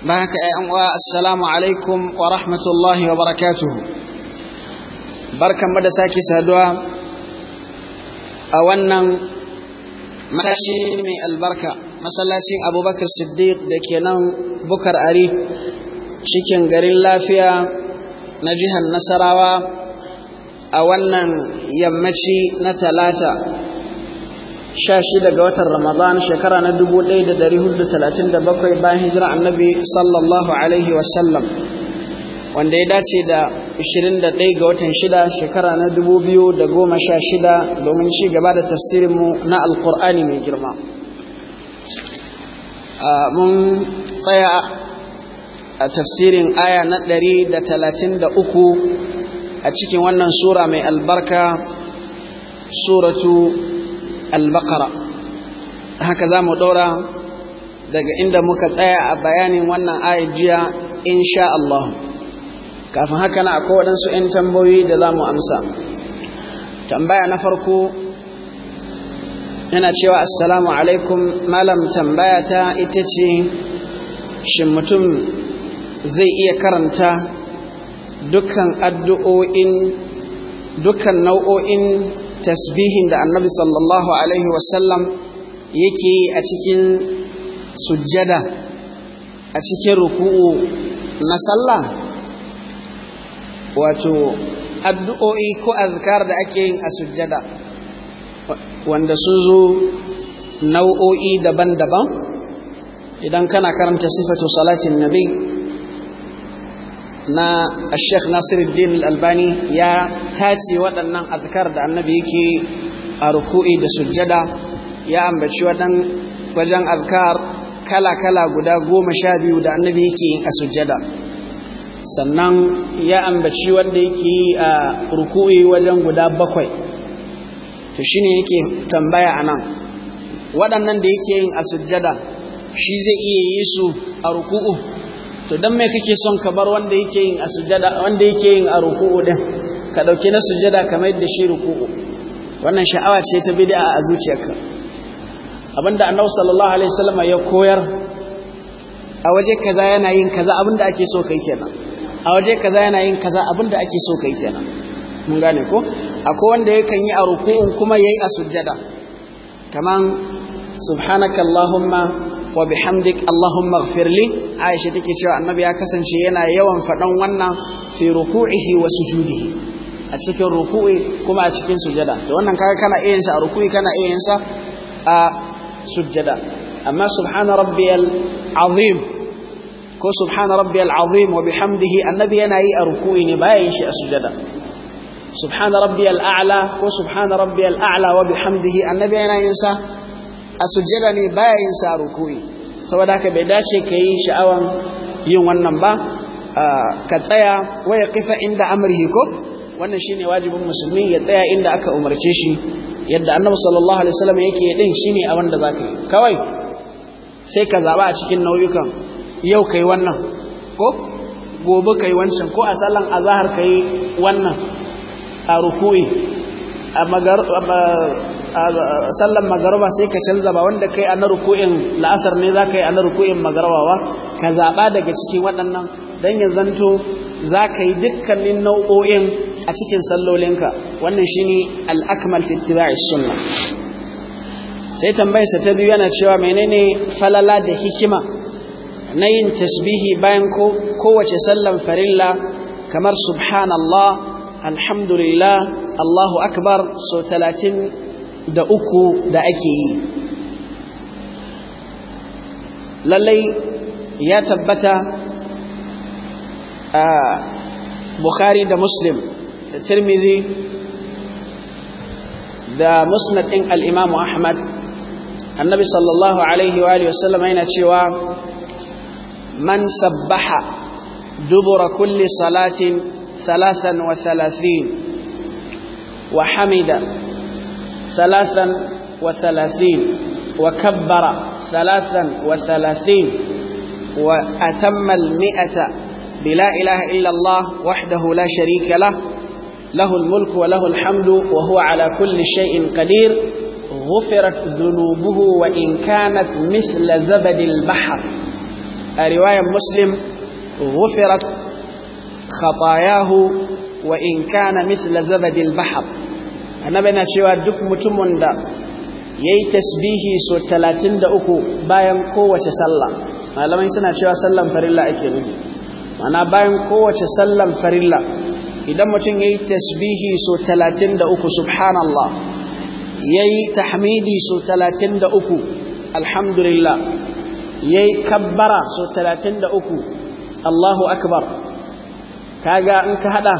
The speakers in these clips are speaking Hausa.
bayanka ‘ya'yan uwa assalamu alaikum wa rahmatullahi wa barakatuhu barkan da saki saduwa a wannan matashi mai albarka masallacin abubakar siddiq da ke nan bukar ari cikin garin lafiya na jihar nasarawa a wannan yammaci na talata 16 ga watan Ramadan shekara na 1437 bayan hijira annabi sallallahu alaihi wasallam wanda ya dace da 21 ga watan 6 shekara na 2016 domin ci gaba da tafsirinmu na alkur'ani mai girma mun tsaya a tafsirin aya na 133 a cikin wannan sura mai albarka suratu albakara baqara haka za mu ɗora daga inda muka tsaya a bayanin wannan ayat jiya insha Allah kafin haka na akwai waɗansu 'yan tambayoyi da za mu amsa tambaya na farko yana cewa assalamu alaikum malam tambaya ta ita ce shin mutum zai iya karanta dukkan addu'o'in dukkan nau'o'in tasbihin da annabi sallallahu alaihi wasallam yake yi a cikin sujjada a cikin ruku'u na sallah wato addu'o'i ko azkar da ake yin a sujjada wanda sun zo nau'o'i daban-daban idan kana karanta sifatu salatin nabi na Sheikh Nasiruddin Al-Albani ya tace waɗannan azkar da annabi yake a ruku'i da sujjada ya ambaci wajen azkar kala-kala guda goma sha biyu da annabi yake a sujjada sannan ya ambaci wanda yake a ruku'i wajen guda bakwai to shine yake tambaya anan waɗannan da yake yin a sujjada shi zai iya yi su a ruku'u to dan me kake son ka bar wanda yake yin asujada wanda yake yin ruku'u din ka dauke na sujada kamar yadda shi ruku'u wannan sha'awa ce ta bid'a a zuciyarka abinda annabi sallallahu alaihi wasallam ya koyar a waje kaza yana yin kaza abinda ake so kai kenan a waje kaza yana yin kaza abinda ake so kai kenan mun gane ko akwai wanda yakan yi a ruku'un kuma yayi a sujada kaman subhanakallahumma wa bihamdik Allahumma ighfir li Aisha take cewa annabi ya kasance yana yawan faɗan wannan fi ruku'ihi wa sujudihi a cikin ruku'i kuma a cikin sujada to wannan kaga kana iya sa a ruku'i kana iya sa a sujada amma subhana rabbiyal azim ko subhana rabbiyal azim wa bihamdihi annabi yana yi a ruku'i ne bayan shi a sujada subhana rabbiyal a'la ko subhana rabbiyal a'la wa bihamdihi annabi yana yin sa a sujjada ne baya yin sa ruku'i saboda haka bai dace ka yi sha'awan yin wannan ba ka tsaya waya kisa inda amrihi ko wannan shine wajibin musulmi ya tsaya inda aka umarce shi yadda annabi sallallahu alaihi wasallam yake din shine abin da zaka yi kawai sai ka zaba a cikin nauyukan yau kai wannan ko gobe kai wancan ko a sallan azhar kai wannan a ruku'i a sallan magaraba sai ka canza ba wanda kai a na ruku'in la'asar ne za ka yi a na ruku'in magarba ba ka zaɓa daga cikin waɗannan don ya zanto za ka yi dukkanin nau'o'in a cikin sallolinka wannan shi ne al'akmal fitiba'i sunna sai tambayarsa ta biyu yana cewa menene falala da hikima na yin tasbihi bayan kowace sallan farilla kamar subhanallah alhamdulillah Allahu akbar so talatin da uku da ake yi lallai ya tabbata a bukhari da muslim da tirmizi da musnad ɗin al'imamu ahmad annabi sallallahu alaihi wa sallam yana cewa man sabbaha dubura kulli salatin ثلاثا wa hamida. ثلاثا وثلاثين وكبر ثلاثا وثلاثين وأتم المئة بلا إله إلا الله وحده لا شريك له له الملك وله الحمد وهو على كل شيء قدير غفرت ذنوبه وإن كانت مثل زبد البحر رواية مسلم غفرت خطاياه وإن كان مثل زبد البحر annabi yana cewa duk mutumin da yi tasbihi so 33 bayan kowace sallah malamai suna cewa sallan farilla ake nufi mana bayan kowace sallan farilla idan mutum ya yi tasbihi so 33 subhanallah ya yi tahmidi so 33 alhamdulillah ya yayi kabbara so 33 Allahu akbar kaga in ka hada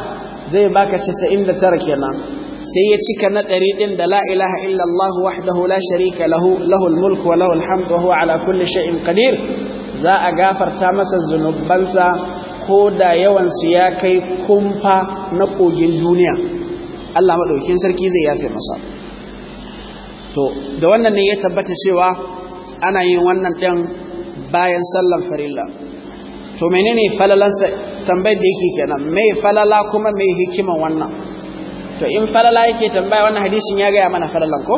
zai baka 99 kenan sai ya cika na ɗari ɗin da la ilaha illallah wahdahu la sharika lahu lahul mulku wa lahul hamdu wa huwa ala kulli shay'in qadir za a gafarta masa zunubansa ko da yawan su ya kai kumfa na kogin duniya Allah madaukin sarki zai yafe masa to da wannan ne ya tabbata cewa ana yin wannan ɗin bayan sallan farilla to menene falalansa tambayar da yake kenan mai falala kuma mai hikiman wannan to in falala yake tambaya wannan hadisin ya gaya mana falalan ko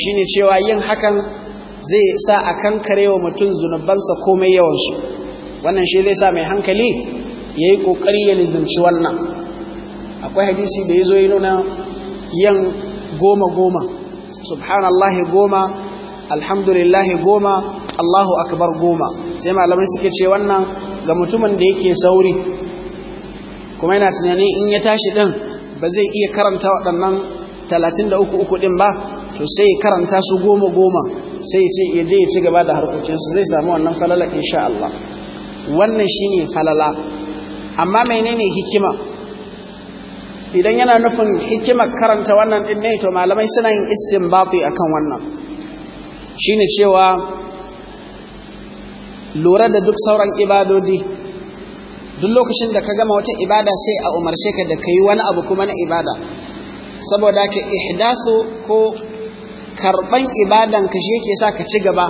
shine cewa yin hakan zai sa a wa mutum zunubansa komai yawansu wannan shi zai sa mai hankali ya yi ƙoƙari ya lizinci wannan akwai hadisi da ya zo yi nuna yin goma-goma subhanallah goma alhamdulillahi goma allahu akbar goma sai malamai suke ce wannan ga mutumin da yake sauri kuma yana tunanin in ya tashi ɗin ba zai iya karanta waɗannan talatin da ɗin ba to sai ya karanta su goma goma sai ya je ya ci gaba da harkokinsa zai samu wannan falala insha Allah wannan shine falala amma menene hikima idan yana nufin hikima karanta wannan din ne to malamai suna yin istinbati akan wannan shine cewa lura da duk sauran ibadodi duk lokacin da ka gama wata ibada sai a umarce ka da ka yi wani abu kuma na ibada saboda ka ihdasu ko karban ibadan ka shi yake sa ka ci gaba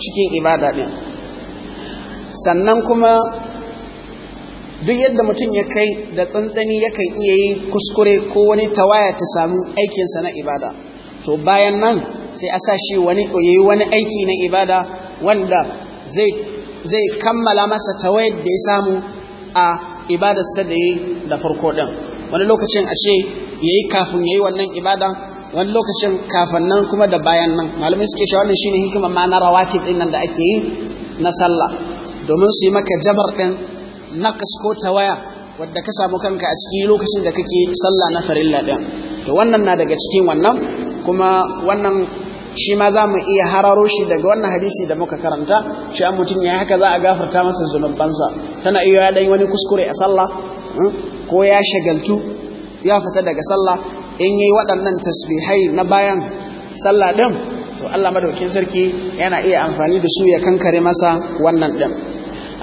cikin ibada ɗin sannan kuma duk yadda mutum ya kai da tsantsani yakan iya yi kuskure ko wani tawaya ta samu aikinsa na ibada to bayan nan sai a sa shi wani wani aiki na ibada wanda zai zai kammala masa ta tawayar da ya samu a ibadarsa da yi da farko ɗin wani lokacin ashe ya yi kafin ya yi wannan ibada wani lokacin kafin nan kuma da bayan nan malamai suke shi wannan shine hikima ma na ce ɗin nan da ake yi na sallah domin su yi maka jabar ɗin kasko ko waya wadda ka samu kanka a ciki lokacin da kake sallah na farilla ɗin to wannan na daga cikin wannan kuma wannan shi ma za mu iya hararo shi daga wannan hadisi da muka karanta shi an mutum ya haka za a gafarta masa zunubansa tana iya ya ɗan wani kuskure a sallah hmm, ko ya shagaltu ya fita daga sallah in yi waɗannan tasbihai na bayan sallah ɗin to Allah madaukin sarki yana iya amfani da su ya kankare masa wannan ɗin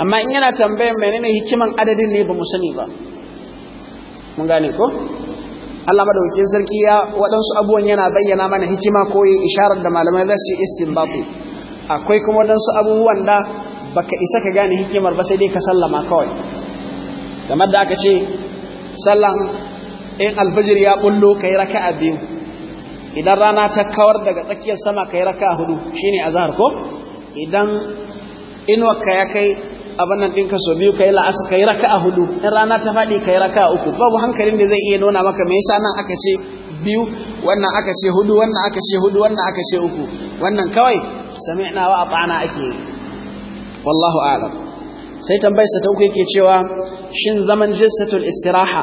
amma in yana tambayan menene hikiman adadin ne ba mu sani ba mun gane ko Allah madaukakin sarki ya waɗansu abubuwan yana bayyana mana hikima ko yi isharar da malamai za su yi istinbatu akwai kuma waɗansu abubuwan da baka isa ka gane hikimar ba sai dai ka sallama kawai kamar da aka ce sallan in alfajir ya bullo ka yi raka'a biyu idan rana ta kawar daga tsakiyar sama ka yi raka'a hudu shine azhar ko idan inuwarka ya kai abin nan ka so biyu kai la'asa kai raka a hudu in rana ta faɗi kai raka a uku babu hankalin da zai iya nuna maka me yasa nan aka ce biyu wannan aka ce hudu wannan aka ce hudu wannan aka ce uku wannan kawai sami'na wa ata'ana ake yi wallahu a'lam sai tambayar sa ta uku yake cewa shin zaman jilsatul istiraha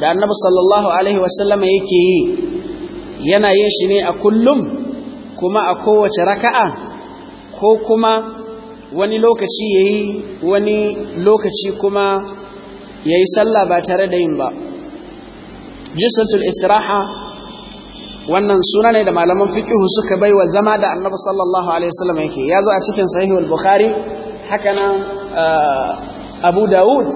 da annabi sallallahu alaihi wasallama yake yi yana yin shi ne a kullum kuma a kowace raka'a ko kuma wani lokaci ya yi wani lokaci kuma ya yi sallah ba tare da yin ba jisatul istiraha wannan suna ne da malaman fikihu suka bai wa zama da annabi sallallahu alaihi wasallam yake ya zo a cikin sahihul bukhari haka nan ah, abu dawud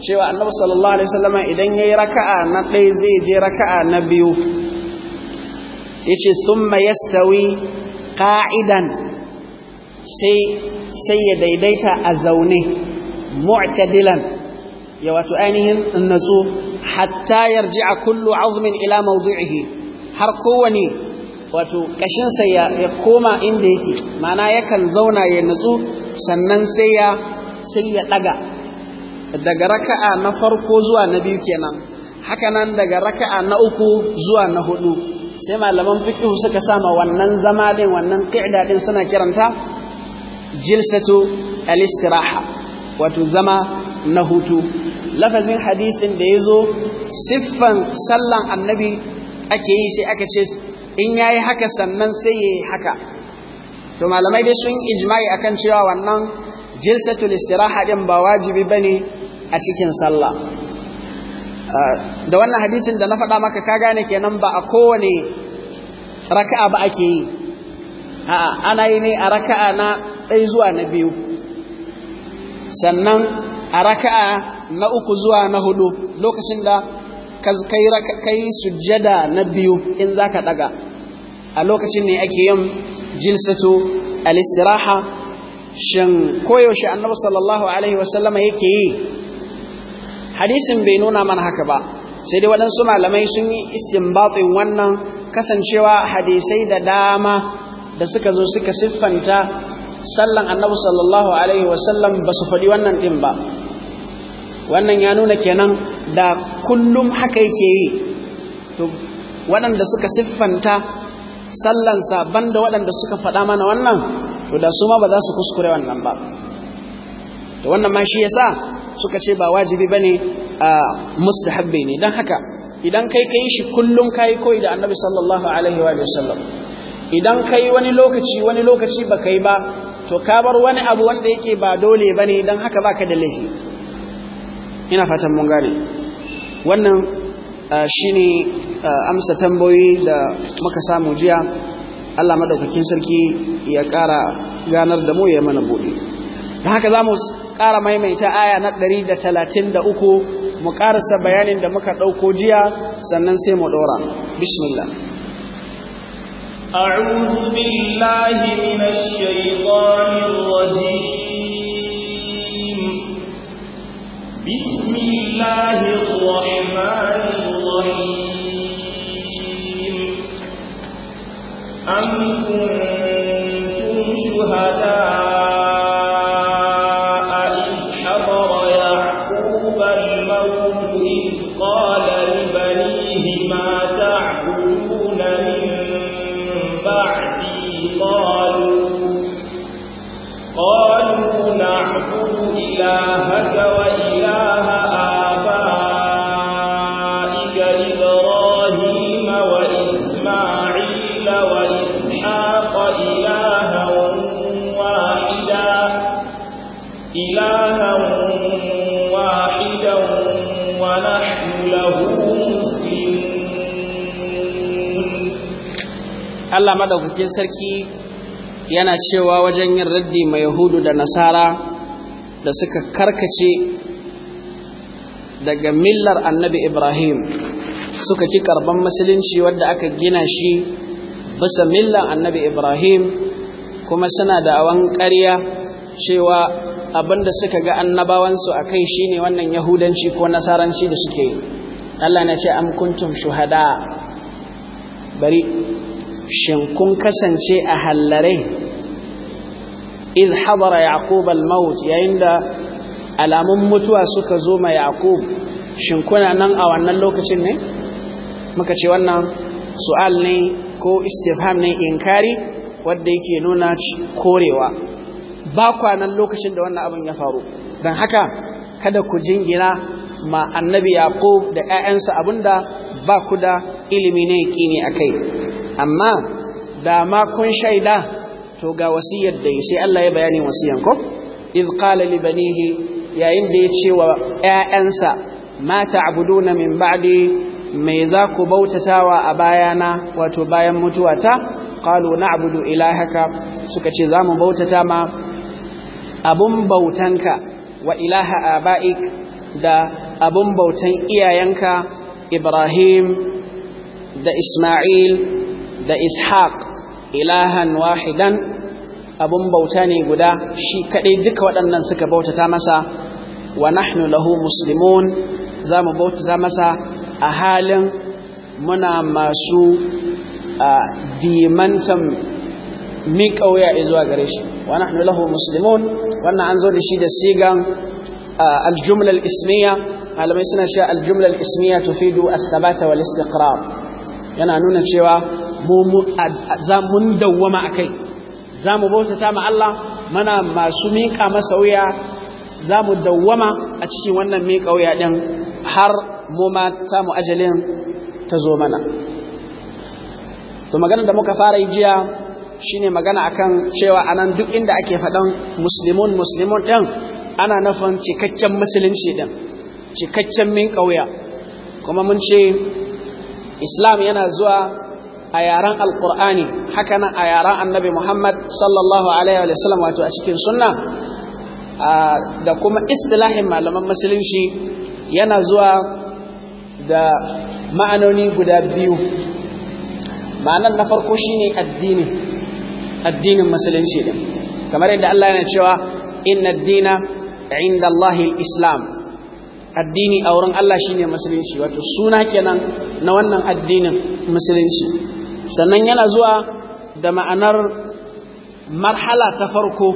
cewa annabi sallallahu alaihi wasallam idan yayi raka'a na ɗaya zai je raka'a na biyu yace thumma yastawi qa'idan sai sai ya daidaita a zaune mu'tadilan ya wato ainihin natsu hatta a kullu azmin ila mawdi'ihi har kowani wato kashinsa ya koma inda yake mana yakan zauna ya nutsu sannan sai ya sai ya daga daga raka'a na farko zuwa na biyu kenan haka nan daga raka'a na uku zuwa na hudu sai malaman fiqh suka sama wannan zama din wannan qa'ida din suna kiranta jilsatu al-istiraha wato zama na hutu lafazin hadisin da yazo siffan sallan annabi ake yi sai aka ce in yayi haka sannan sai yayi haka to malamai dai sun ijma'i akan cewa wannan jilsatu istiraha din ba wajibi bane a cikin sallah da wannan hadisin da na faɗa maka ka gane kenan ba a kowane raka'a ba ake yi a'a ana yi ne a raka'a na ɗaya zuwa na biyu sannan a raka'a na uku zuwa na hudu lokacin da kai kai sujjada na biyu in zaka ɗaga. a lokacin ne ake yin jilsatu al-istiraha shin koyaushe annabi sallallahu alaihi wasallama yake yi hadisin bai nuna mana haka ba sai dai waɗansu malamai sun yi istinbatin wannan kasancewa hadisai da dama da suka zo suka siffanta sallan annabi sallallahu alaihi wasallam ba su faɗi wannan ɗin ba wannan ya nuna kenan da kullum haka yake yi to waɗanda suka siffanta sallansa da waɗanda suka faɗa mana wannan to da su ma ba za su kuskure wannan ba to wannan ma shi yasa suka ce ba wajibi ba bane a mustahabbi ne dan haka idan kai kai shi kullum kai koyi da annabi sallallahu alaihi wa sallam idan kai wani lokaci wani lokaci ba ka yi ba to ka bar wani abu wanda yake ba dole ba ne don haka ba ka da laifi ina fatan mun gane wannan shi ne amsa tambayoyi da muka samu jiya allah maɗaukakin sarki ya ƙara ganar da mu ya mana buɗe da haka za mu ƙara maimaita aya na 133 mu ƙarasa bayanin da muka ɗauko jiya sannan sai mu ɗora bismillah أعوذ بالله من الشيطان الرجيم بسم الله الرحمن الرحيم أم كنتم شهداء Allah madaukakin sarki yana cewa wajen yin raddi mai yahudu da nasara da suka karkace daga millar annabi ibrahim suka ki karban musulunci wadda aka gina shi bisa millar annabi ibrahim kuma suna da awan ƙarya cewa abinda suka ga annabawansu a kai shine wannan yahudanci ko nasaranci da suke yi allah na ce am kuntum shuhada bari shin kun kasance a hallare iz hadara yaqub al yayin da alamun mutuwa suka zo ma yaqub shin kuna nan a wannan lokacin ne muka ce wannan su'al ne ko istifham ne inkari wanda yake nuna korewa ba kwanan lokacin da wannan abin ya faru dan haka kada ku jingina ma annabi yaqub da ƴaƴansa abinda ba ku da ilimi ne ni akai amma da ma kun shaida to ga wasiyar da sai Allah ya bayani wasiyar ko iz qala li banihi yayin da ya ce wa ƴaƴansa ma ta'buduna min ba'di me za ku bautatawa a bayana wato bayan mutuwata qalu na'budu ilahaka suka ce zamu bautata ma abun bautanka wa ilaha aba'ik da abun bautan iyayenka Ibrahim da Ismail da ishaq ilahan wahidan abun bauta ne guda shi kaɗai duka waɗannan suka bautata masa wa nahnu lahu muslimun za mu bautata masa a halin muna masu dimantan miƙa wuya zuwa gare shi wa nahnu lahu muslimun wannan an zo da shi da sigan aljumla al-ismiya malamai suna cewa aljumla al-ismiya tufidu as-sabata wal istiqrar yana nuna cewa mun dawwama a kai za mu bautata ma Allah mana masu miƙa masa wuya za mu dawwama a cikin wannan miƙa wuya ɗin har mu ma ta mu ajalin ta zo mana to magana da muka fara jiya shine magana akan cewa anan duk inda ake faɗan muslimun muslimun ɗin ana nufin cikakken musulunci ɗin cikakken min wuya kuma mun ce islam yana zuwa a yaran alkur'ani haka nan a yaran annabi muhammad sallallahu alaihi wa sallam wato a cikin sunna da kuma istilahin malaman musulunci yana zuwa da ma'anoni guda biyu ma'anar na farko shine addini addinin musulunci din kamar yadda Allah yana cewa inna dina inda Allahil islam addini a wurin Allah shine musulunci wato suna kenan na wannan addinin musulunci sannan yana zuwa da ma'anar marhala ta farko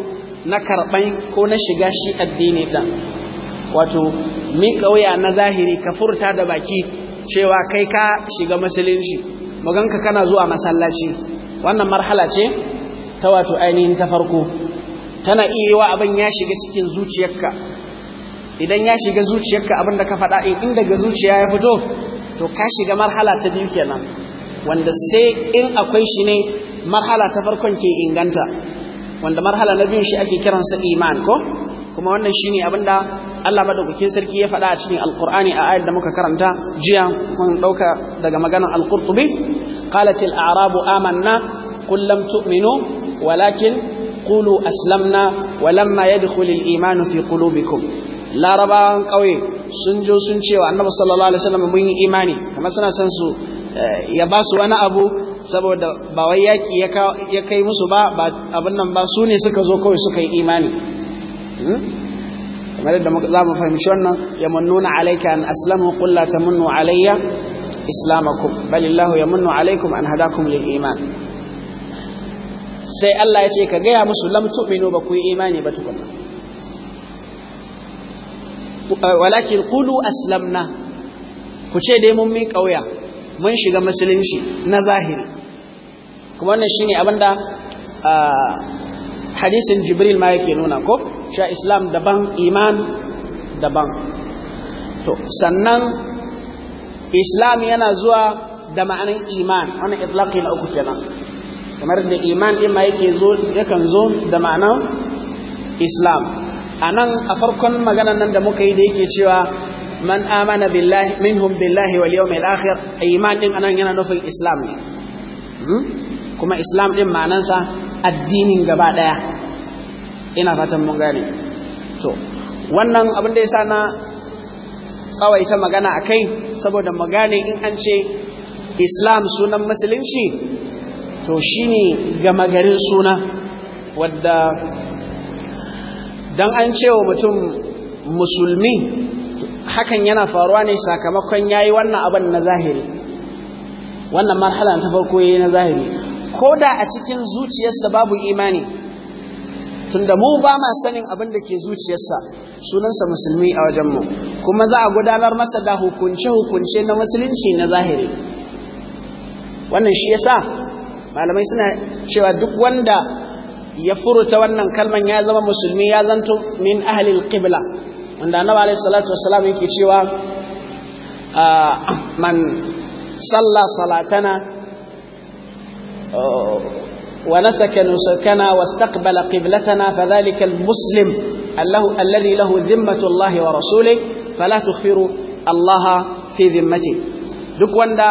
na karɓai ko na shiga shi addini ɗan wato mi wuya na zahiri ka furta da baki cewa kai ka shiga musulunci maganka kana zuwa masallaci wannan marhala ce ta wato ainihin ta farko tana iya yi wa abin ya shiga cikin zuciyarka idan ya shiga zuciyarka abin da ka faɗa in daga zuciya ya fito to ka shiga marhala ta biyu kenan wanda sai in akwai shi ne marhala ta farkon ke inganta wanda marhala na biyun shi ake kiransa iman ko kuma wannan shine abinda Allah madaukakin sarki ya faɗa a cikin alkur'ani a ayar da muka karanta jiya mun ɗauka daga maganar alqurtubi qalat arabu amanna qul lam tu'minu walakin qulu aslamna walamma yadkhul al-iman fi qulubikum larabawan ƙauye sun jo sun cewa annabi sallallahu alaihi wasallam mun yi imani kamar suna san su Eh, ya ba su wani abu saboda ba wai yaƙi ya kai musu ba abin nan ba su ne suka zo kawai suka yi imani hmm? kamar da za mu fahimci wannan ya munnuna alaika an aslamu kulla ta munnu alayya islamakum balillahu ya munnu alaikum an hadakum lil iman sai Allah ya ce ka gaya musu lam tu'minu ba ku yi imani ba tukun eh, walakin qulu aslamna ku ce dai mun mi kauya. mun shiga musulunci na zahiri kuma wannan shine abinda hadisin jibril ma yake nuna ko sha islam daban iman daban to sannan islam yana zuwa da ma'anin iman wannan itlaqi na uku kenan kamar da iman din ma yake zo yakan zo da ma'anan islam anan a farkon maganan nan da muka yi da yake cewa man amana billahi minhum billahi wal yawmil akhir iman din anan yana nufin islam ne hmm? kuma islam din ma'anansa addinin gaba daya ina fatan mun gane to wannan abin da yasa na tsawaita magana akai saboda magane in an ce islam sunan musulunci to ne gama garin suna wadda dan an cewa mutum musulmi hakan yana faruwa ne sakamakon yayi wannan abin na zahiri wannan marhala ta farko yayi na zahiri ko da a cikin zuciyarsa babu imani tunda mu ba ma sanin abin da ke zuciyarsa sunansa musulmi a wajen kuma za a gudanar masa da hukunce hukunce na musulunci na zahiri wannan shi yasa malamai suna cewa duk wanda ya furuta wannan kalman ya zama musulmi ya zanto min ahlil qibla wanda annabi alaihi salatu wassalam yake cewa ah, man salla salatana oh, wa nasaka nusakana wastaqbala qiblatana fadhalika almuslim allahu alladhi lahu dhimmatu allahi wa rasulih fala tukhiru allaha fi dhimmati duk wanda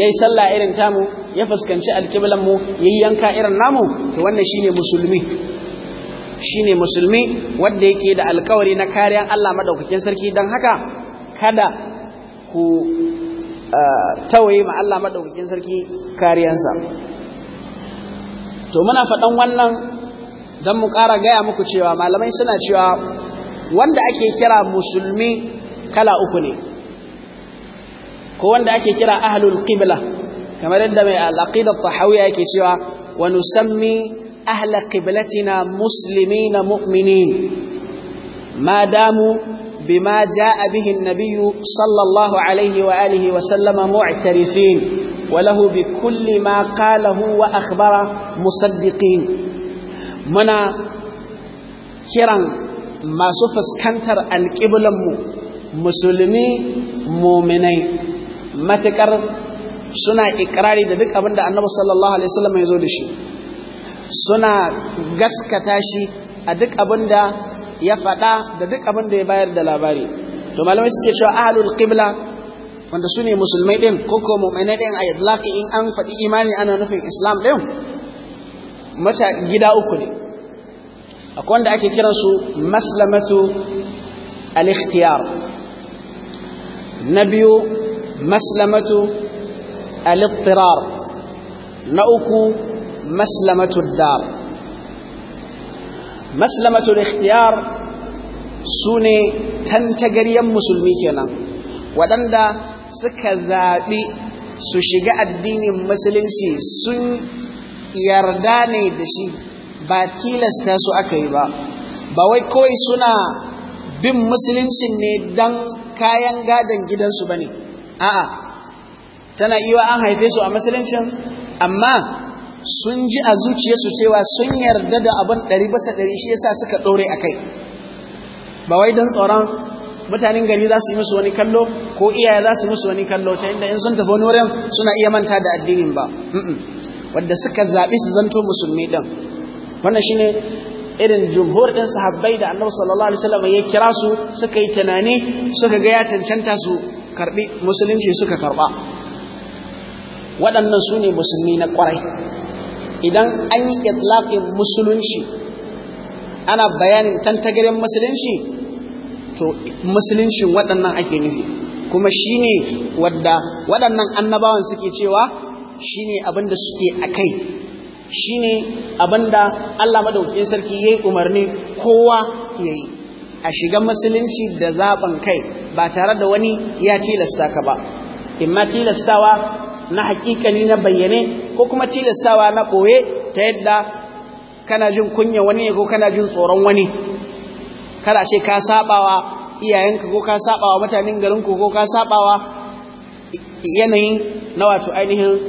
yayi sallah irin tamu ya fuskanci alqiblan mu yayi yanka irin namu to wannan shine musulmi shine musulmi wanda yake da alkawari na kariyan Allah madaukakin sarki don haka kada ku uh, tawaye ma Allah madaukakin sarki kariyansa to muna faɗan wannan don mu ƙara gaya muku cewa malamai suna cewa wanda ake kira musulmi kala uku ne ko wanda ake kira ahlul qibla kamar yadda mai al'aqidar tahawiyya yake cewa Wani sammi أهل قبلتنا مسلمين مؤمنين ما داموا بما جاء به النبي صلى الله عليه وآله وسلم معترفين وله بكل ما قاله وأخبر مصدقين منا كرا ما سفس كنتر القبل مسلمي مؤمنين متكر suna ikrari da duk abin da annabi sallallahu alaihi wasallam ya zo da shi suna gaskata shi a duk abin da ya faɗa da duk abin da ya bayar da labari to malamai suke cewa ahlul qibla wanda su ne musulmai ɗin ko ko mu'minai ɗin a idlaqi in an faɗi imani ana nufin islam ɗin mata gida uku ne akwai wanda ake kiransu maslamatu al-ikhtiyar na biyu maslamatu al-ittirar na uku مسلمة الدار مسلمة الاختيار سوني تنتقريا مسلمي كنا ودندا سكذابي سشجاء الدين مسلمسي سن يرداني دشي باتيلس تاسو أكيبا باوي كوي سنا bin musulunci ne don kayan gadon gidansu ba ne a'a tana iya an haife su a musuluncin amma sun ji a zuciyarsu cewa sun yarda da abin ɗari basa ɗari shi yasa suka ɗore a kai ba wai don tsoron mutanen gari za su yi musu wani kallo ko iyaye za su yi musu wani kallo ta inda in sun tafi wani wurin suna iya manta da addinin ba wadda suka zaɓi su zanto musulmi ɗin wannan shine irin jumhur ɗin sahabbai da annabi sallallahu alaihi wasallam ya kira su suka yi tunani suka ga cancanta su karbi musulunci suka karɓa. waɗannan su ne musulmi na ƙwarai idan an yi itlaqin musulunci ana bayanin tantagaren musulunci to musuluncin waɗannan ake nufi kuma ne wadda waɗannan annabawan suke cewa shi abin abinda suke a kai. akai shine abinda Allah madaukin sarki ya yi umarni kowa ya yi. a shiga musulunci da zaɓen kai ba tare da wani ya tilasta ka ba ma tilastawa na hakikani na bayyane ko kuma tilastawa na koye ta yadda kana jin kunya wani ko kana jin tsoron wani kada ce ka sabawa iyayenka ko ka sabawa mutanen garin ko ka sabawa yanayin na wato ainihin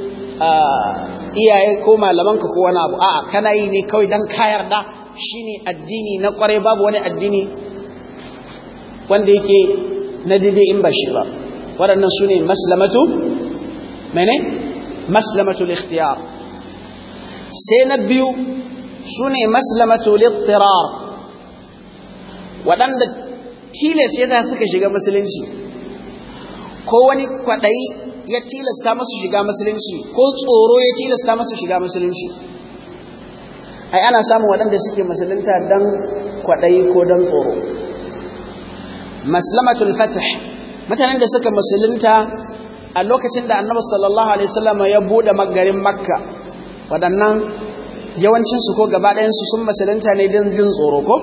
iyaye ko malamanka ko wani abu a'a kana yi ne kawai dan ka yarda shine addini na kwarai babu wani addini wanda yake na dibe in bashi ba waɗannan su ne maslamatu mene maslamatul ikhtiyar sai na biyu su ne maslamatul iktirar waɗanda tilas ya suka shiga musulunci ko wani kwaɗayi ya tilasta musu shiga musulunci ko tsoro ya tilasta musu shiga musulunci ai ana samun waɗanda suke musulunta dan kwaɗayi ko dan tsoro maslamatul fatih mutanen da suka musulunta a lokacin da annabi sallallahu alaihi wasallam ya bude magarin makka yawancin yawancinsu ko gabaɗayansu ɗayansu sun masalanta ne don jin tsoro ko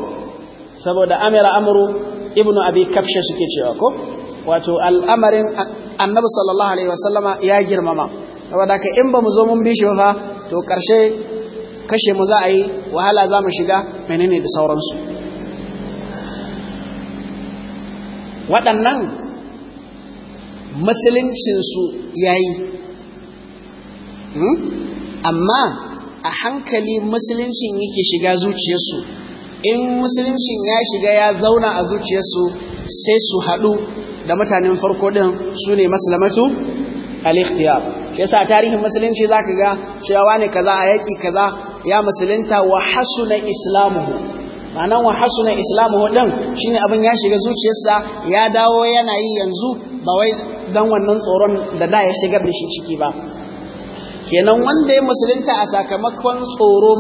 saboda amira Amru ibnu abi kafsha suke cewa ko wato al'amarin annabi sallallahu alaihi wasallam ya girmama saboda ka in ba mu zo mun bi shi ba to karshe kashe mu za a yi wahala za mu shiga menene da sauransu waɗannan musuluncinsu ya yi hmm? amma a hankali musuluncin yake shiga zuciyarsu in musuluncin ya shiga ya zauna a zuciyarsu sai su haɗu da mutanen farko ɗin su ne masalamatu al-ikhtiyar yasa tarihin musulunci ka ga cewa ne kaza a yaki kaza ya musulunta wa hasuna islamuhu ma'anan wa hasuna islamuhu shi shine abin ya shiga zuciyarsa ya dawo yana yi yanzu ba wai dan wannan tsoron da da ya shigar da shi ciki ba kenan wanda ya musulunta a sakamakon tsoro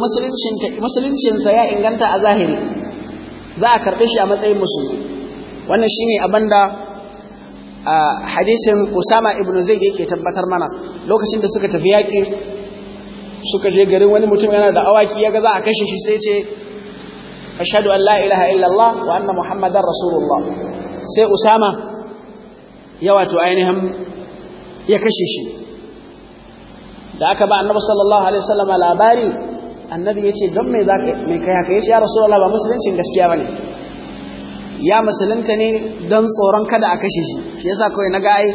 musuluncinsa ya inganta a zahiri za a karɓi shi a matsayin musulmi wannan shine abin da hadisin usama ibn zaid yake tabbatar mana lokacin da suka tafi yaƙi suka je garin wani mutum yana da awaki ya ga za a kashe shi sai ce ashhadu an la ilaha illallah wa anna muhammadar rasulullah sai usama ya wato ainihin ya kashe shi da aka ba annabi sallallahu alaihi wasallam labari annabi ya ce don me za ka mai kai haka ya ce ya rasulullah ba musuluncin gaskiya bane ya musulunta ne don tsoron kada a kashe shi shi yasa kawai na ga ai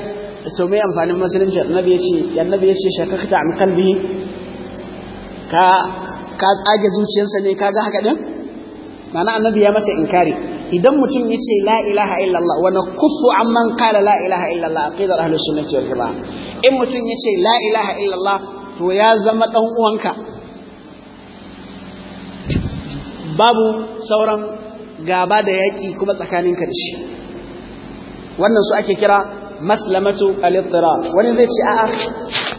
to me amfanin musulunci annabi ya ce annabi ya ce shakakta an kalbi ka ka tsage zuciyarsa ne kaga haka din ma'ana annabi ya masa inkari idan mutum ya ce la ilaha illallah wa nakufu amman qala la ilaha illallah aqidar ahlus sunnati wal jamaa in mutum ya ce la ilaha illallah to ya zama dan uwanka babu sauran gaba da yaki kuma tsakaninka da shi wannan su ake kira maslamatu al-ittirab wani zai ce a'a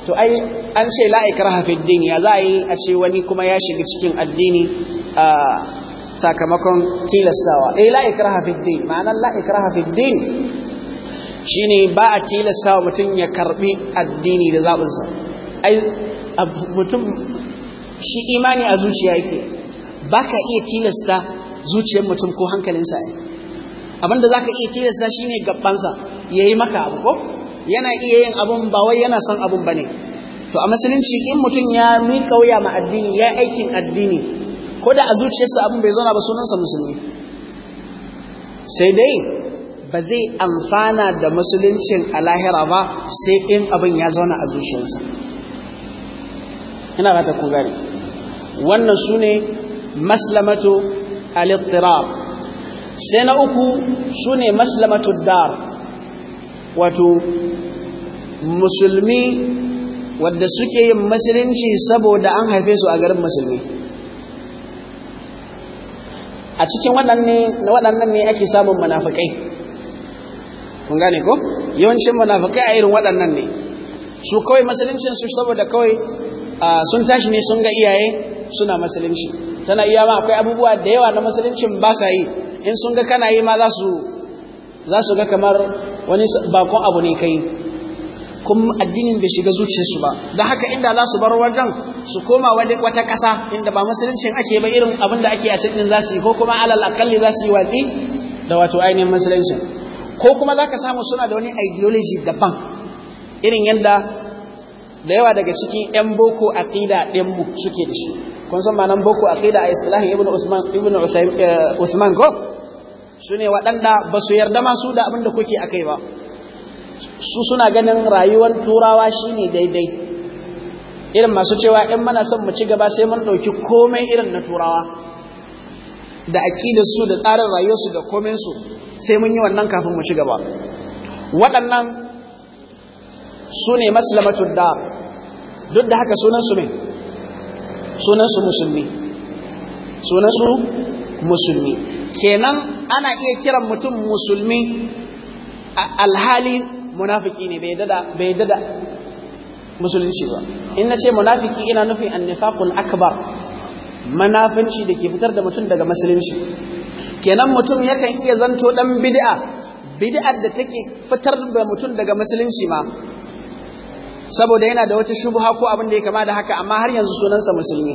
to ai an ce la ikraha fi din ya za a yi a ce wani kuma ya shiga cikin addini ah, sakamakon tilastawa eh la ikraha fi din ma'anar la ikraha fi din shine ba a tilastawa mutum ya karbi addini da sa ai mutum shi imani a zuciya yake baka iya tilasta zuciyar mutum ko hankalinsa ne abinda zaka iya tilasta shine sa yayi maka abu ko yana iya yin abun ba wai yana son abun bane to a musulunci in mutum ya miƙa wuya ma addini ya aikin addini ko da a zuciyarsa abin bai zauna ba sunansa musulmi sai dai ba zai amfana da musuluncin a lahira ba sai in abin ya zauna a zuciyarsa ina rata ku gari wannan su ne maslamatu al sai na uku su ne maslamatu dar wato musulmi wadda suke yin musulunci saboda an haife su a garin musulmi a cikin waɗannan ne ake samun manafakai kun gane ko yawancin manafakai a irin waɗannan ne su kawai masalincin su saboda kawai sun tashi ne sun ga iyaye suna musulunci tana iya ma akwai abubuwa da yawa na musuluncin ba sa yi in sun ga kana yi ma za su ga kamar wani bakon abu ne kai Kun addinin bai shiga zuciyarsu ba don haka inda za su bar wajen su koma wata ƙasa inda ba musuluncin ake ba irin abin da ake a cikin za su yi ko kuma alal akalli za su yi watsi da wato ainihin musuluncin ko kuma za ka samu suna da wani ideology daban irin yadda da yawa daga cikin 'yan boko aqida mu suke da shi kun san ma nan boko aqida a islahin ibnu usman ibnu eh, usman ko su ne waɗanda ba su yarda ma su da abin da kuke akai ba su suna ganin rayuwar turawa shine daidai irin masu cewa in mana son mu ci gaba sai mun ɗauki komai irin na turawa da su da tsarin rayuwarsu da su sai mun yi wannan kafin mu ci gaba waɗannan su ne maslamatu da duk da haka sunansu sunan su musulmi su musulmi kenan ana iya kiran mutum musulmi alhali munafiki ne bai dada musulunci ba in nace munafiki ina nufin annifaqul akbar manafinci da ke fitar da mutum daga musulunci kenan mutum yakan iya zanto dan bid'a bid'ar da take fitar da mutum daga musulunci ma saboda yana da wata shubha ko abin da ya kama da haka amma har yanzu sunansa musulmi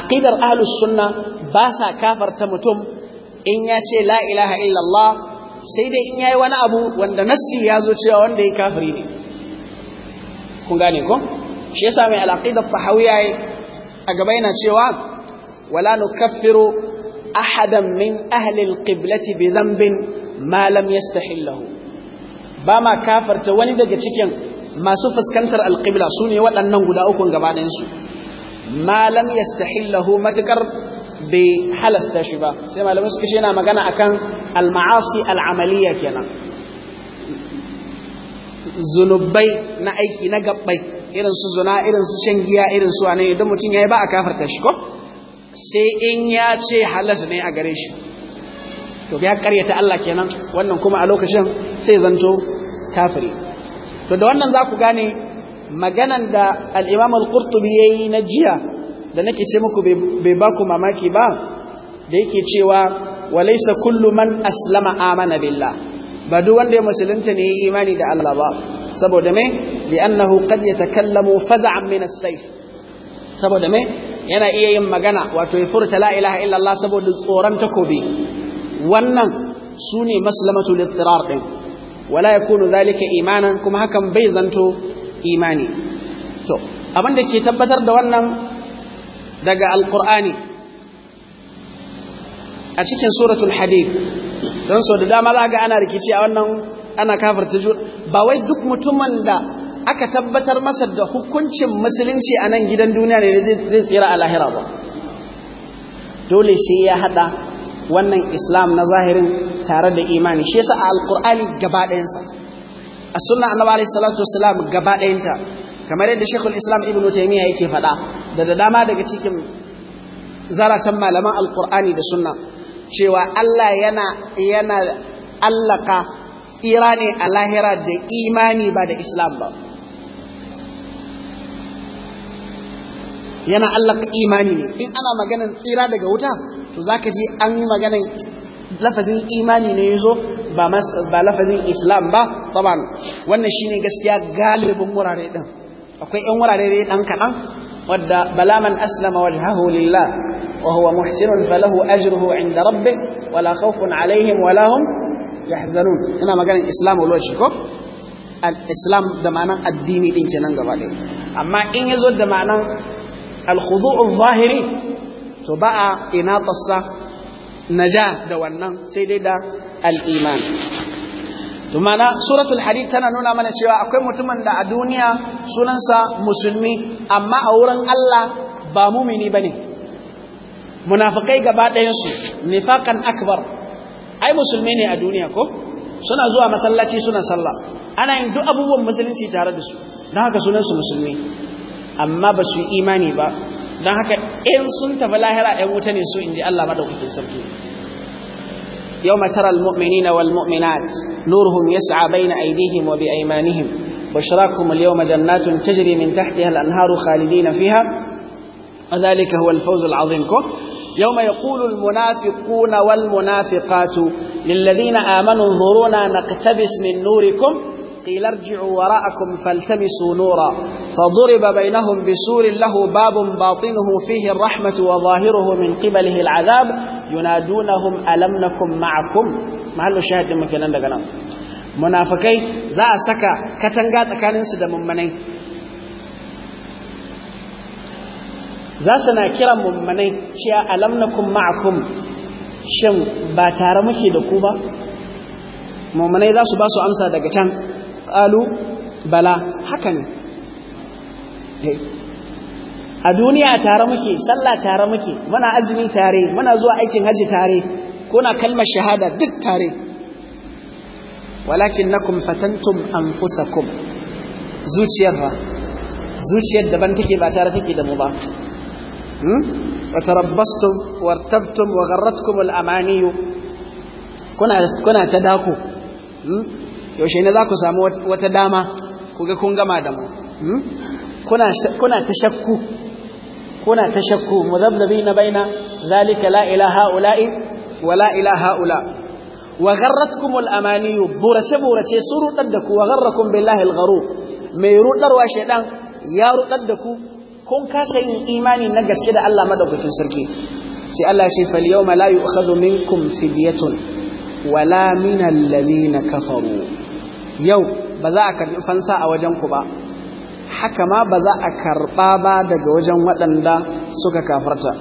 aqidar ahlus sunna ba sa kafarta mutum in ya ce la ilaha illallah sai dai in yayi wani abu wanda nassi ya zo cewa wanda ya kafiri ne kun gane ko shi yasa mai al-aqida tahawiyya a gaba yana cewa wala nukaffiru ahadan min ahli al-qiblati bi dhanbin ma lam yastahillahu ba ma kafarta wani daga cikin masu fuskantar al-qibla sune waɗannan guda uku gaba ɗayan su ma lam yastahillahu matakar bai halasta shi ba sai malamai suka shi yana magana akan al-ma'asi al-amaliya kenan zunubai na aiki na gabbai irin su zuna irin su shan giya irin su wane idan mutum yayi ba a kafarta shi ko sai in ya ce halas ne a gare shi to ya karyata Allah kenan wannan kuma a lokacin sai zanto kafiri to da wannan za ku gane maganan da al-Imam al-Qurtubi yayi na jiya da nake ce muku bai ba ku mamaki ba da yake cewa walaisa kullu man aslama amana billah ba duk wanda ya musulunta ne imani da Allah ba saboda me li'annahu qad yatakallamu faz'an min as-sayf saboda me yana iya yin magana wato ya furta la ilaha illallah saboda tsoron takobi wannan sune maslamatu littirar din wala yakunu zalika imanan kuma hakan bai zanto imani to abin da ke tabbatar da wannan daga alkur'ani a cikin suratul hadid don so da dama za ga ana rikici a wannan ana kafarta juna ba wai duk mutumin da aka tabbatar masa da hukuncin musulunci a nan gidan duniya ne zai tsira a lahira ba dole sai ya haɗa wannan islam na zahirin tare da imani shi yasa a alkur'ani gaba ɗayansa a sunna annabi alaihi salatu wasalam gaba ɗayanta kamar yadda shekul islam ibn taimiyya yake faɗa da da dama daga cikin zaratan malaman alkur'ani da sunna cewa allah yana yana allaka tsira ne a lahira da imani ba da islam ba yana allaka imani ne in ana maganin tsira daga wuta to za ka ji an yi maganin lafazin imani ne ya zo ba lafazin islam ba taban wannan shine gaskiya galibin wurare din akwai ɗan wurare dai ɗan kaɗan wadda balaman aslama wajhahu lillah wa huwa muhsinun falahu ajruhu inda rabbih wala khawfun alaihim wala hum yahzanun ina maganin islamu lokaci ko al-islam da ma'anan addini din kenan gaba ɗaya amma in yazo da ma'anan al-khudu'u zahiri to ba'a ina tassa najah da wannan sai dai da al-iman to mana suratul hadid tana nuna mana cewa akwai mutumin da a duniya sunansa musulmi amma a wurin Allah ba mumini bane munafikai gaba ɗayan su nifaqan akbar ai musulmi ne a duniya ko suna zuwa masallaci suna sallah ana yin duk abubuwan musulunci tare da su don haka sunansu musulmi amma ba su imani ba don haka in sun tafi lahira ‘yan wuta ne su in ji Allah madaukakin sarki يوم ترى المؤمنين والمؤمنات نورهم يسعى بين أيديهم وبأيمانهم بشراكم اليوم جنات تجري من تحتها الأنهار خالدين فيها وذلك هو الفوز العظيم يوم يقول المنافقون والمنافقات للذين آمنوا انظرونا نقتبس من نوركم قيل ارجعوا وراءكم فالتمسوا نورا فضرب بينهم بسور له باب باطنه فيه الرحمة وظاهره من قبله العذاب ينادونهم ألم نكن معكم أنه شاهد لما كنا لنا منافقين ذا سكا كتنقات كان انسد ممنين ذا سنا na kira شيا ألم alam معكم شم ma'akum shin ba tare muke da ذا ba qalu bala haka ne a duniya tare muke sallah tare muke muna azumi tare muna zuwa aikin haji tare kuna kalmar shahada duk tare walakin nakum fatantum anfusakum zuciyar ba zuciyar daban take ba tare take da mu ba wa tarabbastum wa tabtum wa gharratkum al-amaniyu kuna kuna ta dako yaushe ne za ku samu wata dama ku ga kun gama da mu hmm? kuna ta shakku kuna ta shakku muzabzabina baina zalika la ilaha ula'i wa la ilaha ula wa gharratkum Amaniyu burace burace su rudar da ku wa gharrakum billahi al-gharur mai rudarwa shedan ya rudar da ku kun kasa yin imani na gaske da Allah madaukakin sarki sai Allah ya ce fal yawma la yu'khadhu minkum fidyatun wala min alladhina kafaru yau ba za a karɓi fansa a wajen ku ba haka ma ba za a karɓa ba daga wajen waɗanda suka kafarta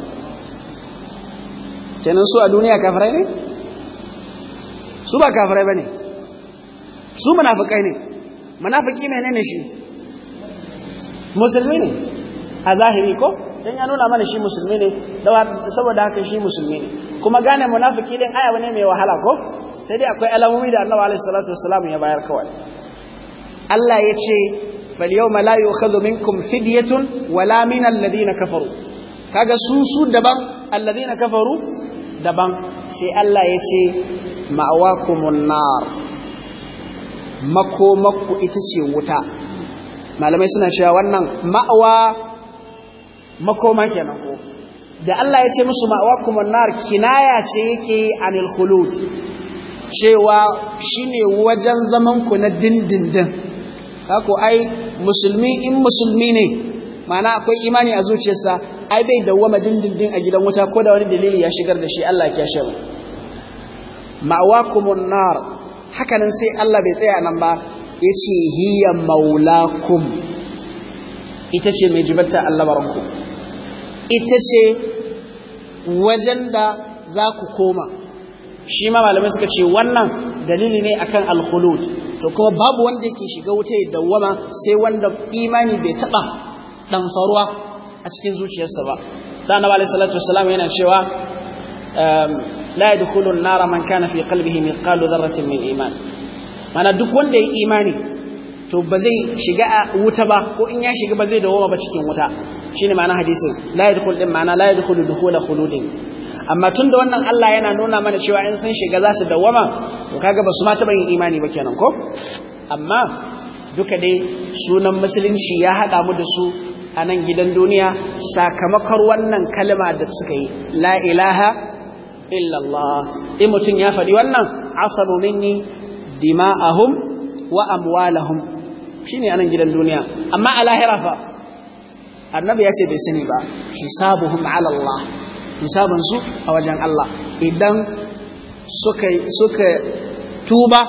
kenan su a duniya kafarai ne su ba kafarai ba ne su munafukai ne munafiki ne shi musulmi ne a zahiri ko don ya nuna mana shi musulmi ne saboda haka shi musulmi ne kuma gane munafiki din aya ne mai wahala ko sai dai akwai alamomi da annabi alaihi salatu wassalam ya bayar kawai Allah ya ce fal yawma la yu'khadhu minkum fidyatun wala min alladhina kafaru kaga su su daban alladhina kafaru daban sai Allah ya ce ma'awakumun nar makomakku ita ce wuta malamai suna cewa wannan ma'awa makoma kenan ko da Allah ya ce musu ma'awakumun nar kinaya ce yake anil khulud cewa shi ne wajen zamanku na dindindin kako ai musulmi in musulmi ne mana akwai imani a zuciyarsa ai bai dawwama dindindin a gidan wuta ko da wani dalili ya shigar da shi Allah ya shaba ma'awakumun nar hakanan sai Allah bai tsaya nan ba yace hiya maulakum ita ce mai jibarta Allah baranku ita ce wajen da za ku koma shi ma malamai suka ce wannan dalili ne akan al-khulud to kuma babu wanda yake shiga wuta ya dawwama sai wanda imani bai taba dan faruwa a cikin zuciyarsa ba Da Annabi alaihi salatu yana cewa ehm, la yadkhulu an-nara man kana fi qalbihi mithqalu dharratin min iman mana duk wanda ya imani to ba zai shiga wuta ba ko in ya shiga ba zai dawoma ba cikin wuta shine ma'ana hadisin la yadkhul din ma'ana la yadkhulu dukhula khuludin amma tun da wannan Allah yana nuna mana cewa in sun shiga za su dawwama to kaga ba su ma taɓa yin imani ba kenan ko amma duka dai sunan musulunci ya haɗa mu da su a nan gidan duniya sakamakon wannan kalma da suka yi la ilaha illallah in mutum ya faɗi wannan asalu minni dima'ahum wa amwalahum shine anan gidan duniya amma a lahira fa annabi ya ce bai sani ba hisabuhum ala Allah hisabansu a wajen Allah idan suka suka tuba